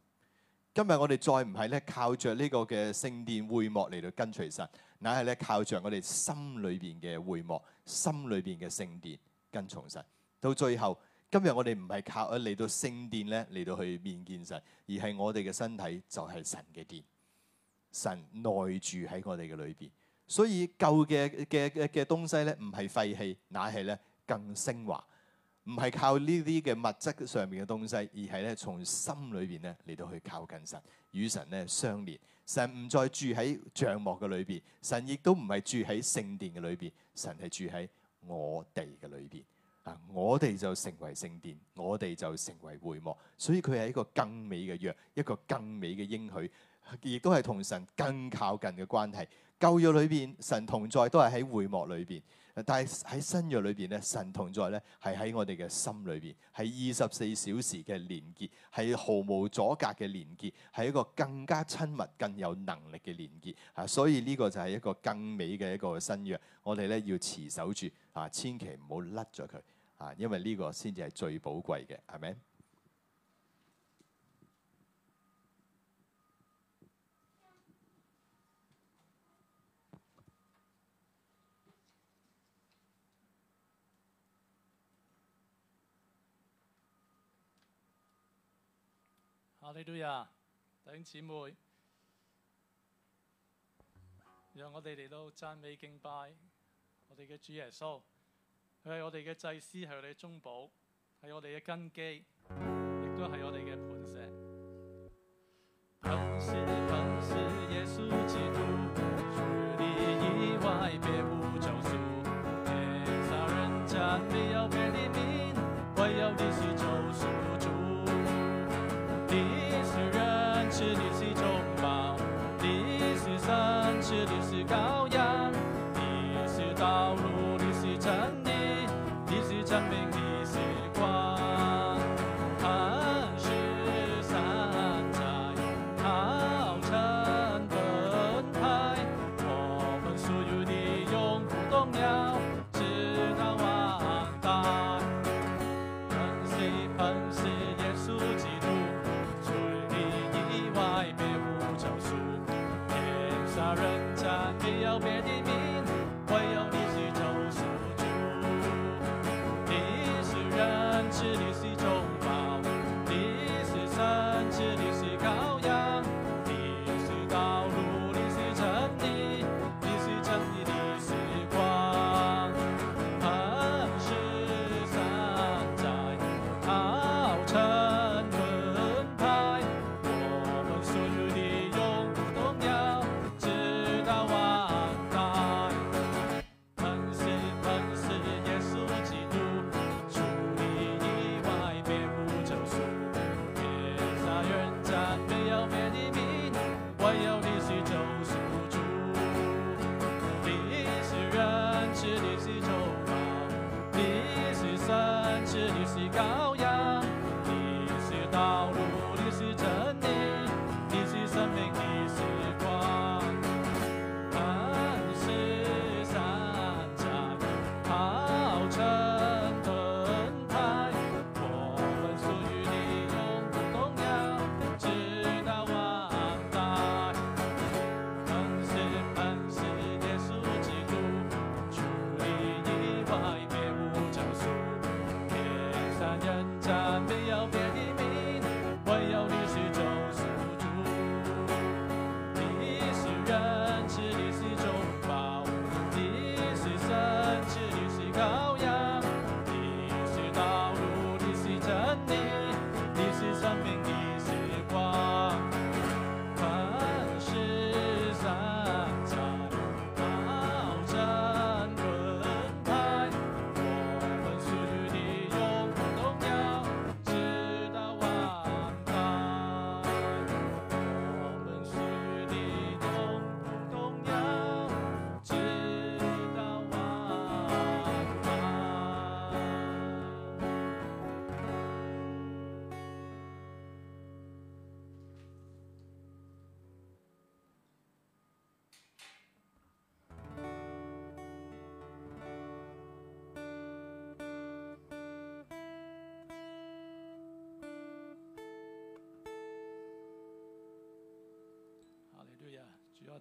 今日我哋再唔係咧靠著呢個嘅聖殿會幕嚟到跟隨神，乃係咧靠著我哋心裏邊嘅會幕，心裏邊嘅聖殿跟從神。到最後，今日我哋唔係靠去嚟到聖殿咧嚟到去面見神，而係我哋嘅身體就係神嘅殿，神內住喺我哋嘅裏邊。所以舊嘅嘅嘅嘅東西咧唔係廢棄，乃係咧更升華。唔係靠呢啲嘅物質上面嘅東西，而係咧從心裏邊咧嚟到去靠近神，與神咧相連。神唔再住喺帳幕嘅裏邊，神亦都唔係住喺聖殿嘅裏邊，神係住喺我哋嘅裏邊。啊，我哋就成為聖殿，我哋就成為會幕。所以佢係一個更美嘅約，一個更美嘅應許。亦都係同神更靠近嘅關係。舊約裏邊神同在都係喺會幕裏邊，但係喺新約裏邊咧，神同在咧係喺我哋嘅心裏邊，係二十四小時嘅連結，係毫無阻隔嘅連結，係一個更加親密、更有能力嘅連結。啊，所以呢個就係一個更美嘅一個新約。我哋咧要持守住，啊，千祈唔好甩咗佢，啊，因為呢個先至係最寶貴嘅，係咪？我哋都呀，弟兄姊妹，讓我哋嚟到讚美敬拜我哋嘅主耶穌，佢係我哋嘅祭司，係我哋嘅中保，係我哋嘅根基，亦都係我哋嘅磐石。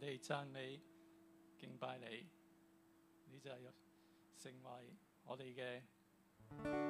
我哋讚美、敬拜你，你就係成為我哋嘅。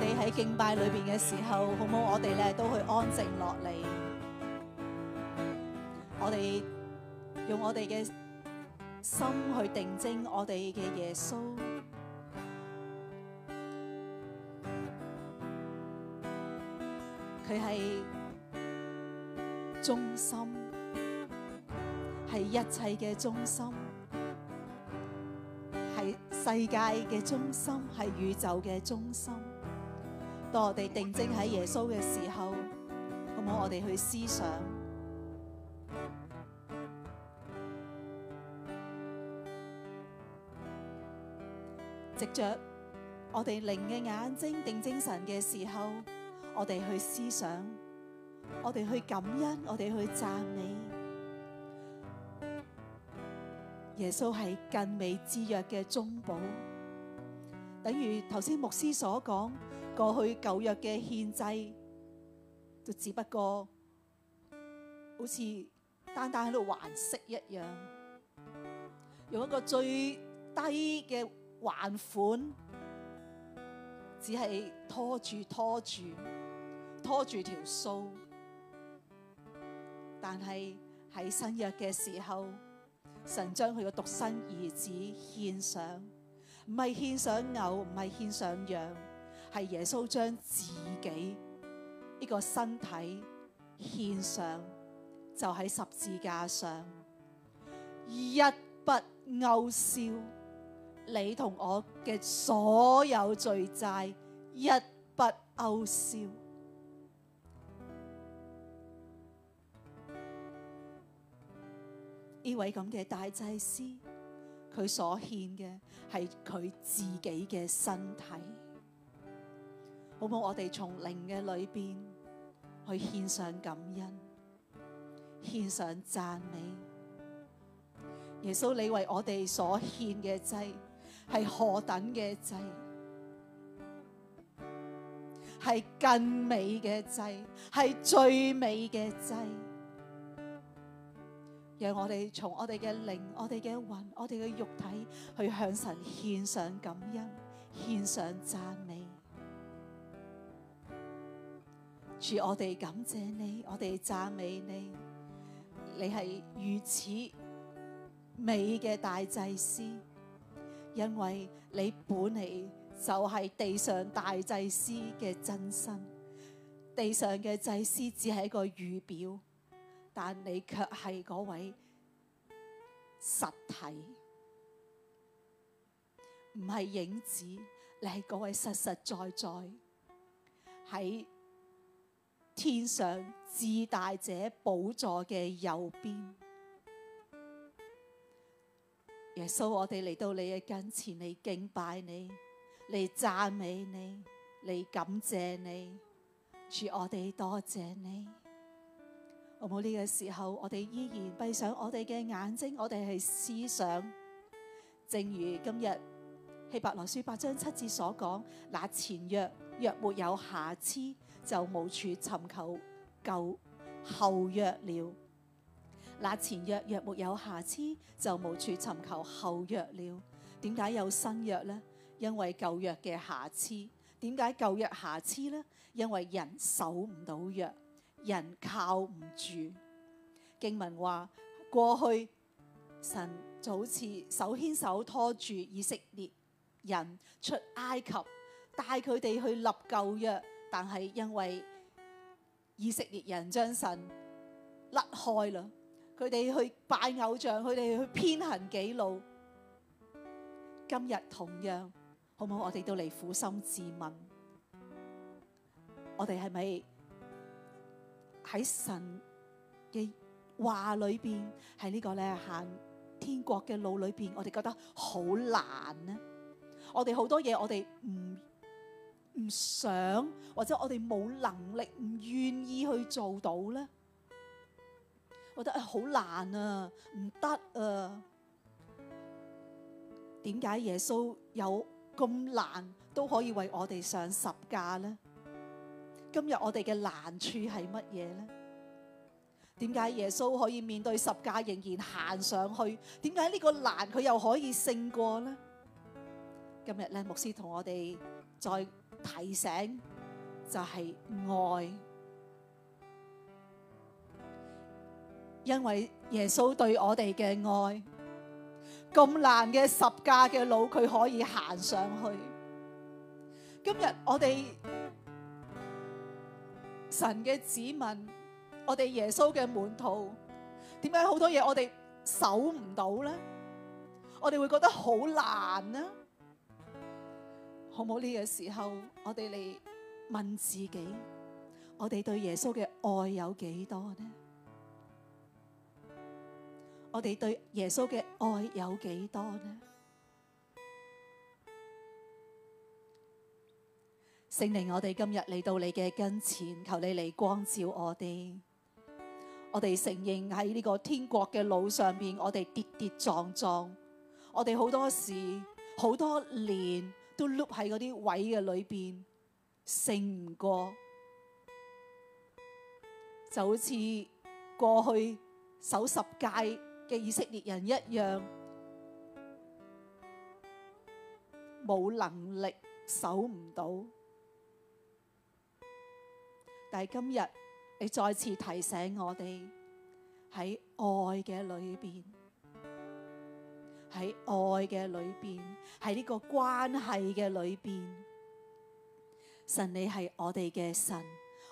你喺敬拜裏邊嘅時候，好唔好？我哋咧都去安靜落嚟，我哋用我哋嘅心去定睛我哋嘅耶穌。佢係中心，係一切嘅中心，係世界嘅中心，係宇宙嘅中心。當我哋定睛喺耶穌嘅時候，好唔好？我哋去思想，藉着我哋靈嘅眼睛定精神嘅時候，我哋去思想，我哋去感恩，我哋去讚美耶穌係更美之約嘅中保。等於頭先牧師所講。過去舊約嘅獻祭，就只不過好似單單喺度還息一樣，用一個最低嘅還款，只係拖住拖住拖住條數。但係喺新約嘅時候，神將佢嘅獨生兒子獻上，唔係獻上牛，唔係獻上羊。係耶穌將自己呢個身體獻上，就喺十字架上，一筆勾銷你同我嘅所有罪債，一筆勾銷。呢位咁嘅大祭司，佢所獻嘅係佢自己嘅身體。好唔好？我哋從靈嘅裏面去獻上感恩，獻上讚美。耶穌，你為我哋所獻嘅祭，係何等嘅祭？係更美嘅祭，係最美嘅祭。讓我哋從我哋嘅靈、我哋嘅魂、我哋嘅肉體去向神獻上感恩，獻上讚美。主，我哋感謝你，我哋讚美你，你係如此美嘅大祭司，因為你本嚟就係地上大祭司嘅真身，地上嘅祭司只係一個預表，但你卻係嗰位實體，唔係影子，你係嗰位實實在在喺在天上至大者寶座嘅右邊，耶穌，我哋嚟到你嘅跟前，嚟敬拜你，嚟讚美你，嚟感謝你，主，我哋多謝你。我冇呢個時候，我哋依然閉上我哋嘅眼睛，我哋係思想，正如今日，希伯來書八章七節所講，那前約若，若沒有瑕疵。就無處尋求舊後約了。那前約若，若沒有瑕疵，就無處尋求後約了。點解有新約呢？因為舊約嘅瑕疵。點解舊約瑕疵呢？因為人守唔到約，人靠唔住。經文話過去神就好似手牽手拖住以色列人出埃及，帶佢哋去立舊約。但係因為以色列人將神甩開啦，佢哋去拜偶像，佢哋去偏行己路。今日同樣，好唔好？我哋都嚟苦心自問，我哋係咪喺神嘅話裏邊喺呢個咧行天國嘅路裏邊？我哋覺得好難呢。我哋好多嘢，我哋唔。唔想或者我哋冇能力，唔願意去做到呢？我覺得好難啊，唔得啊，點解耶穌有咁難都可以為我哋上十架呢？今日我哋嘅難處係乜嘢呢？點解耶穌可以面對十架仍然行上去？點解呢個難佢又可以勝過呢？今日咧牧師同我哋再。提醒就係愛，因為耶穌對我哋嘅愛，咁難嘅十架嘅路佢可以行上去。今日我哋神嘅子民，我哋耶穌嘅門徒，點解好多嘢我哋守唔到咧？我哋會覺得好難啊！好唔好呢？這個時候，我哋嚟問自己：我哋對耶穌嘅愛有幾多呢？我哋對耶穌嘅愛有幾多呢？聖靈，我哋今日嚟到你嘅跟前，求你嚟光照我哋。我哋承認喺呢個天國嘅路上邊，我哋跌跌撞撞，我哋好多事，好多年。都碌喺嗰啲位嘅裏邊，勝唔過就好似過去守十誡嘅以色列人一樣，冇能力守唔到。但係今日你再次提醒我哋喺愛嘅裏邊。喺愛嘅裏邊，喺呢個關係嘅裏邊，神你係我哋嘅神，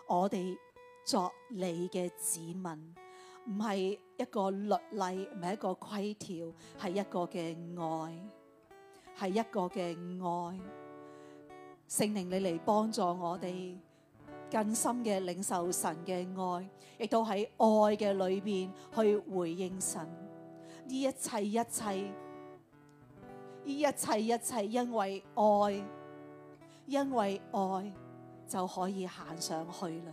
我哋作你嘅子民，唔係一個律例，唔係一個規條，係一個嘅愛，係一個嘅愛。聖靈你嚟幫助我哋更深嘅領受神嘅愛，亦都喺愛嘅裏邊去回應神。呢一切一切。呢一切一切，因為愛，因為愛就可以行上去啦。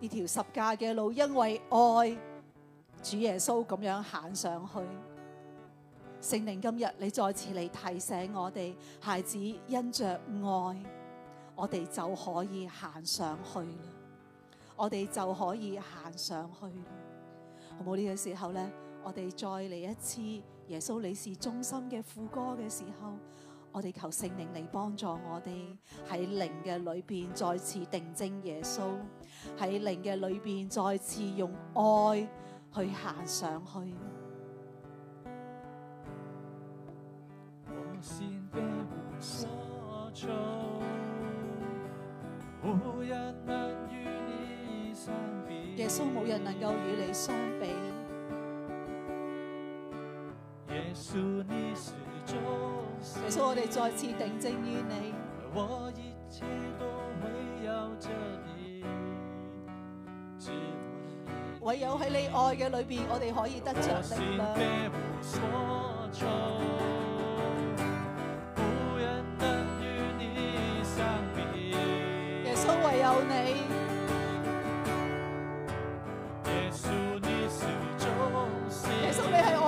呢條十架嘅路，因為愛，主耶穌咁樣行上去。聖靈今日你再次嚟提醒我哋，孩子因着愛，我哋就可以行上去啦。我哋就可以行上去。好冇呢個時候咧，我哋再嚟一次。耶穌，你是忠心嘅副歌嘅時候，我哋求聖靈嚟幫助我哋喺靈嘅裏邊再次定睛耶穌，喺靈嘅裏邊再次用愛去行上去。Oh. 耶穌，冇人能夠與你相比。耶穌，耶穌，我哋再次定睛於你，唯有喺你愛嘅裏邊，我哋可以得着力量。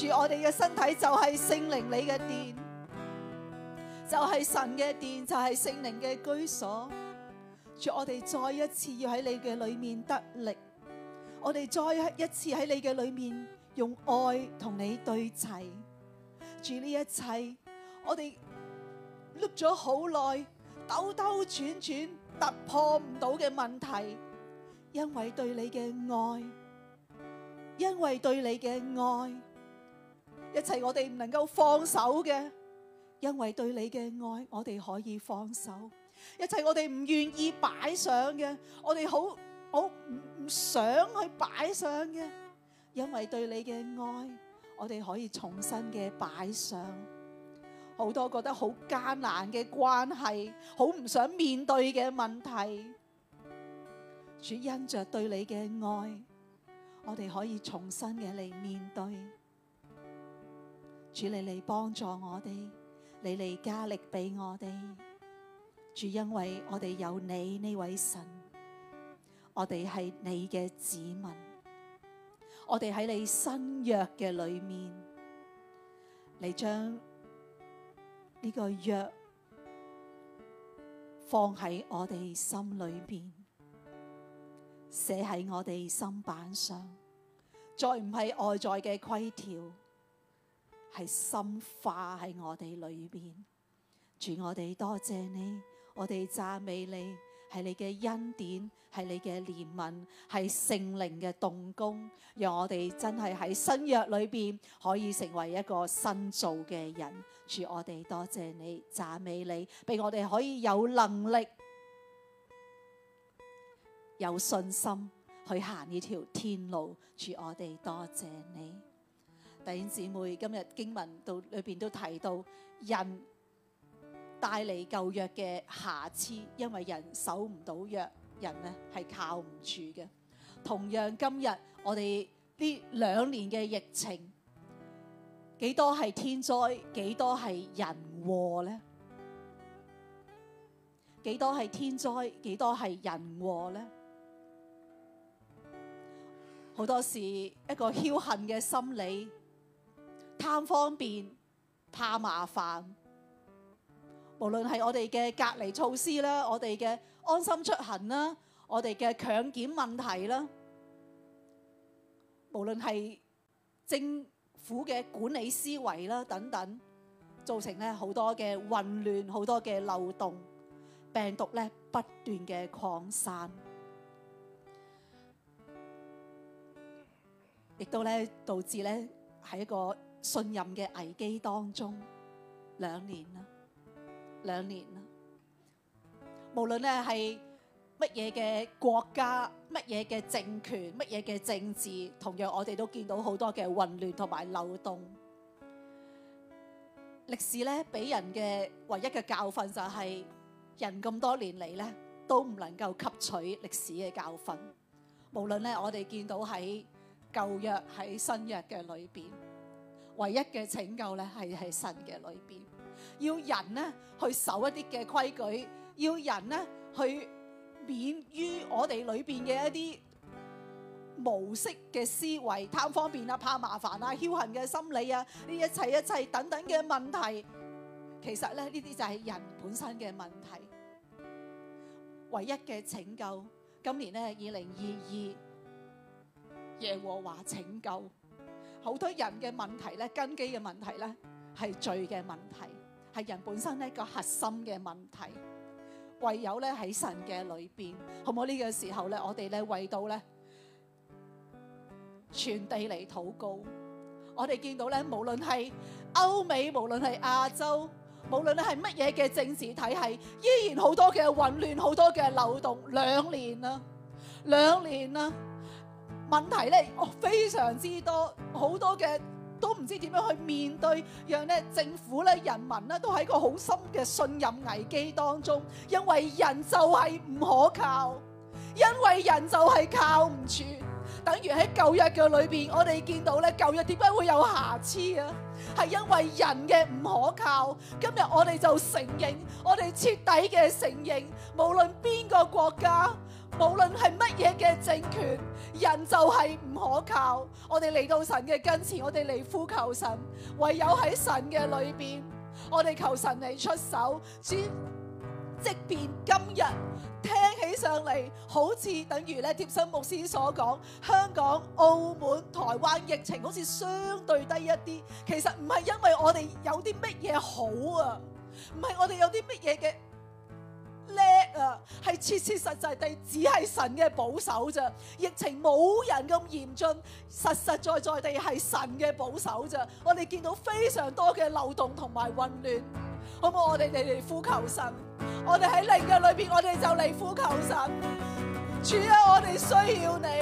住我哋嘅身體就係聖靈你嘅殿，就係神嘅殿，就係聖靈嘅居所。住我哋再一次要喺你嘅裏面得力，我哋再一次喺你嘅裏面用愛同你對齊。住呢一切，我哋碌咗好耐，兜兜轉轉突破唔到嘅問題，因為對你嘅愛，因為對你嘅愛。一切我哋唔能夠放手嘅，因為對你嘅愛，我哋可以放手。一切我哋唔願意擺上嘅，我哋好好唔唔想去擺上嘅，因為對你嘅愛，我哋可以重新嘅擺上。好多覺得好艱難嘅關係，好唔想面對嘅問題，主因着對你嘅愛，我哋可以重新嘅嚟面對。主你嚟幫助我哋，你嚟加力俾我哋。主，因為我哋有你呢位神，我哋係你嘅子民，我哋喺你新約嘅裏面，你將呢個約放喺我哋心裏邊，寫喺我哋心板上，再唔係外在嘅規條。係心化喺我哋裏邊，主，我哋多謝你，我哋讚美你，係你嘅恩典，係你嘅憐憫，係聖靈嘅動工，讓我哋真係喺新約裏邊可以成為一個新造嘅人。主，我哋多謝你，讚美你，俾我哋可以有能力、有信心去行呢條天路。主，我哋多謝你。弟兄姊妹，今日經文度裏邊都提到，人帶嚟舊約嘅瑕疵，因為人守唔到約，人呢係靠唔住嘅。同樣今日我哋呢兩年嘅疫情，幾多係天災，幾多係人禍呢？幾多係天災，幾多係人禍呢？好多時一個僥倖嘅心理。貪方便，怕麻煩。無論係我哋嘅隔離措施啦，我哋嘅安心出行啦，我哋嘅強檢問題啦，無論係政府嘅管理思維啦等等，造成咧好多嘅混亂，好多嘅漏洞，病毒咧不斷嘅擴散，亦都咧導致咧係一個。信任嘅危機當中兩年啦，兩年啦。無論咧係乜嘢嘅國家，乜嘢嘅政權，乜嘢嘅政治，同樣我哋都見到好多嘅混亂同埋漏洞。歷史咧俾人嘅唯一嘅教訓就係人咁多年嚟咧都唔能夠吸取歷史嘅教訓，無論咧我哋見到喺舊約喺新約嘅裏邊，唯一嘅拯救咧，係喺神嘅裏邊，要人呢，去守一啲嘅規矩，要人呢，去免於我哋裏邊嘅一啲模式嘅思維、貪方便啊、怕麻煩啊、僥幸嘅心理啊，呢一切一切等等嘅問題，其實咧呢啲就係人本身嘅問題。唯一嘅拯救，今年咧二零二二，耶和華拯救。好多人嘅問題咧，根基嘅問題咧，係罪嘅問題，係人本身一個核心嘅問題。唯有咧喺神嘅裏邊，好唔好？呢個時候咧，我哋咧為到咧，全地嚟禱告。我哋見到咧，無論係歐美，無論係亞洲，無論咧係乜嘢嘅政治體系，依然好多嘅混亂，好多嘅漏洞。兩年啦，兩年啦。問題咧，我非常之多，好多嘅都唔知點樣去面對，讓咧政府咧、人民咧，都喺個好深嘅信任危機當中。因為人就係唔可靠，因為人就係靠唔住。等於喺舊約嘅裏邊，我哋見到咧，舊約點解會有瑕疵啊？係因為人嘅唔可靠。今日我哋就承認，我哋徹底嘅承認，無論邊個國家。無論係乜嘢嘅政權，人就係唔可靠我。我哋嚟到神嘅跟前，我哋嚟呼求神，唯有喺神嘅裏邊，我哋求神嚟出手。主，即便今日聽起上嚟，好似等於咧，貼身牧師所講，香港、澳門、台灣疫情好似相對低一啲，其實唔係因為我哋有啲乜嘢好啊，唔係我哋有啲乜嘢嘅。叻啊，係切切實實地只係神嘅保守咋。疫情冇人咁嚴峻，實實在在地係神嘅保守咋。我哋見到非常多嘅漏洞同埋混亂，好冇我哋嚟嚟呼求神，我哋喺靈嘅裏邊，我哋就嚟呼求神。主啊，我哋需要你。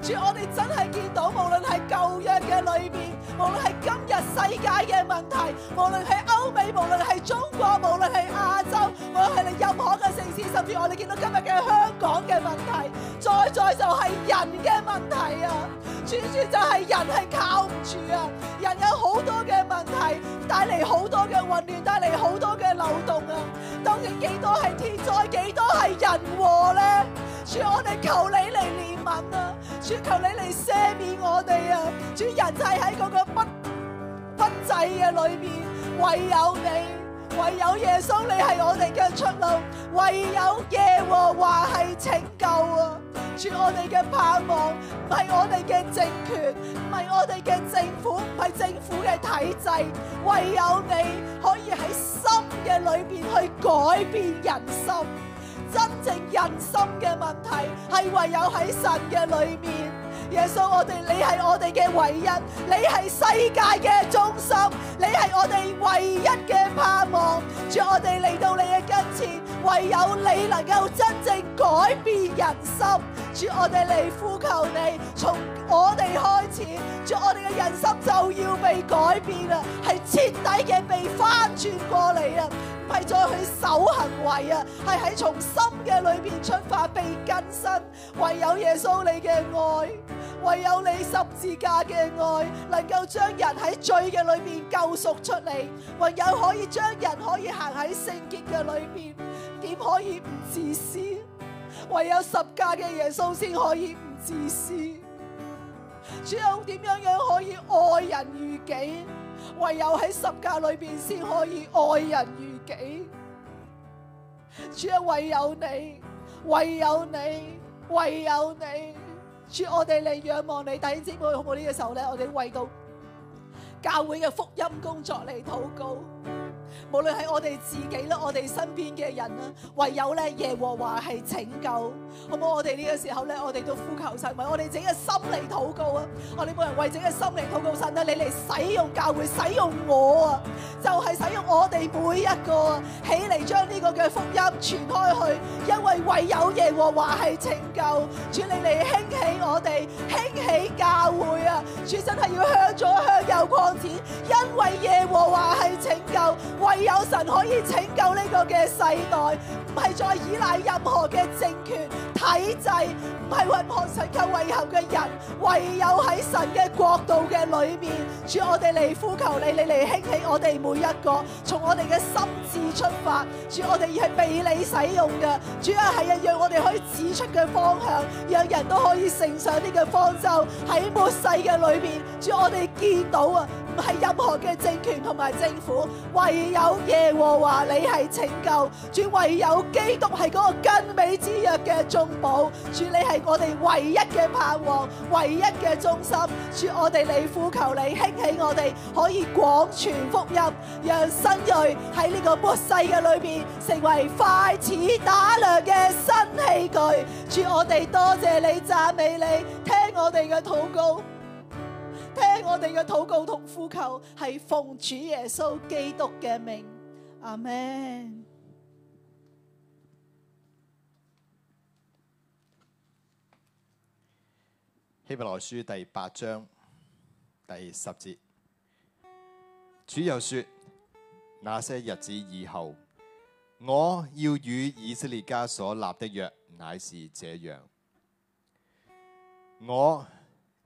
主，我哋真係見到無論係舊約嘅裏。無論係今日世界嘅問題，無論係歐美，無論係中國，無論係亞洲，無論係你任何嘅城市，甚至我哋見到今日嘅香港嘅問題，再再就係人嘅問題啊！轉轉就係人係靠唔住啊！人有好多嘅問題，帶嚟好多嘅混亂，帶嚟好多嘅漏洞啊！到底幾多係天災，幾多係人禍呢？主我哋求你嚟憐憫啊！主求你嚟赦免我哋啊！主人就喺嗰個不不濟嘅裏邊，唯有你，唯有耶穌，你係我哋嘅出路，唯有耶和華係拯救啊！主我哋嘅盼望，唔係我哋嘅政權，唔係我哋嘅政府，唔係政府嘅體制，唯有你可以喺心嘅裏邊去改變人心。真正人心嘅問題，係唯有喺神嘅裏面，耶穌，我哋你係我哋嘅唯一，你係世界嘅中心，你係我哋唯一嘅盼望。主，我哋嚟到你嘅跟前，唯有你能夠真正改變人心。主，我哋嚟呼求你，從我哋開始，主，我哋嘅人心就要被改變啦，係徹底嘅被翻轉過嚟啊！係再去守行為啊，係喺從心嘅裏邊出發被更新，唯有耶穌你嘅愛，唯有你十字架嘅愛，能夠將人喺罪嘅裏邊救贖出嚟，唯有可以將人可以行喺聖潔嘅裏邊，點可以唔自私？唯有十架嘅耶穌先可以唔自私。只有點樣樣可以愛人如己，唯有喺十架裏邊先可以愛人如。主啊，唯有你，唯有你，唯有你！主，我哋嚟仰望你。弟兄姊妹，好唔好呢個時候咧，我哋為到教會嘅福音工作嚟禱告。無論係我哋自己啦，我哋身邊嘅人啦，唯有咧耶和華係拯救，好唔好？我哋呢個時候咧，我哋都呼求神，為我哋整個心嚟禱告啊！我哋冇人為整個心嚟禱告神啊！你嚟使用教會，使用我啊，就係使用我哋每一個啊，起嚟將呢個嘅福音傳開去，因為唯有耶和華係拯救。主你嚟興起我哋，興起教會啊！主真係要向左向右擴展，因為耶和華係拯救。唯有神可以拯救呢個嘅世代，唔係再依賴任何嘅政權體制，唔係為何神求以後嘅人，唯有喺神嘅國度嘅裏面，主我哋嚟呼求你，你嚟興起我哋每一個，從我哋嘅心智出發，主我哋而係被你使用嘅，主要係啊，讓我哋可以指出嘅方向，讓人都可以乘上呢個方舟喺末世嘅裏面，主我哋見到啊！係任何嘅政權同埋政府，唯有耶和華你係拯救；主唯有基督係嗰個更美之約嘅中保；主你係我哋唯一嘅盼望、唯一嘅忠心；主我哋你呼求你興起我，我哋可以廣傳福音，讓新蕊喺呢個末世嘅裏邊成為快似打量嘅新器具；主我哋多謝，謝你讚美你，聽我哋嘅禱告。聽我哋嘅禱告同呼求，係奉主耶穌基督嘅名，阿門。希伯來書第八章第十節，主又說：那些日子以後，我要與以色列家所立的約，乃是這樣，我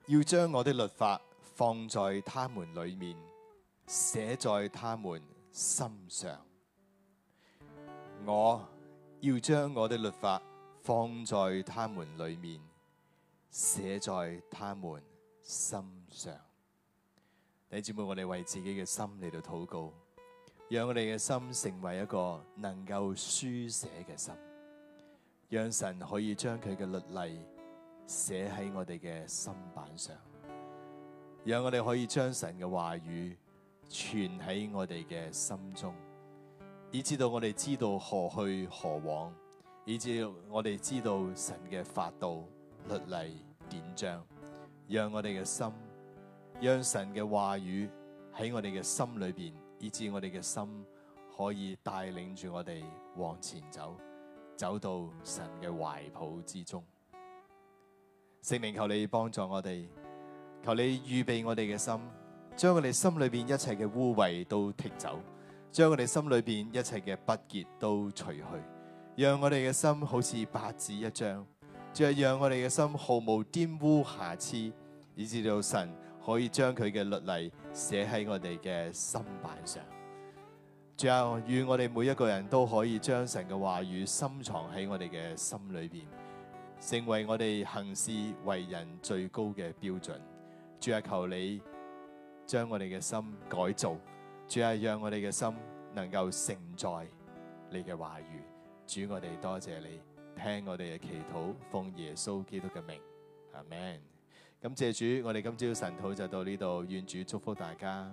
要將我的律法。放在他們裏面，寫在他們心上。我要將我的律法放在他們裏面，寫在他們心上。弟兄姊妹，我哋為自己嘅心嚟到禱告，讓我哋嘅心成為一個能夠書寫嘅心，讓神可以將佢嘅律例寫喺我哋嘅心板上。讓我哋可以將神嘅話語存喺我哋嘅心中，以至到我哋知道何去何往，以至我哋知道神嘅法度、律例典章，讓我哋嘅心，讓神嘅話語喺我哋嘅心裏邊，以至我哋嘅心可以帶領住我哋往前走，走到神嘅懷抱之中。聖靈，求你幫助我哋。求你預備我哋嘅心，將我哋心裏邊一切嘅污穢都剔走，將我哋心裏邊一切嘅不潔都除去，讓我哋嘅心好似白紙一張。主啊，讓我哋嘅心毫無玷污瑕疵，以至到神可以將佢嘅律例寫喺我哋嘅心板上。主啊，願我哋每一個人都可以將神嘅話語深藏喺我哋嘅心裏邊，成為我哋行事為人最高嘅標準。主係求你將我哋嘅心改造，主係讓我哋嘅心能夠承載你嘅話語。主，我哋多謝你聽我哋嘅祈禱，奉耶穌基督嘅名，阿門。咁謝主，我哋今朝神討就到呢度，願主祝福大家。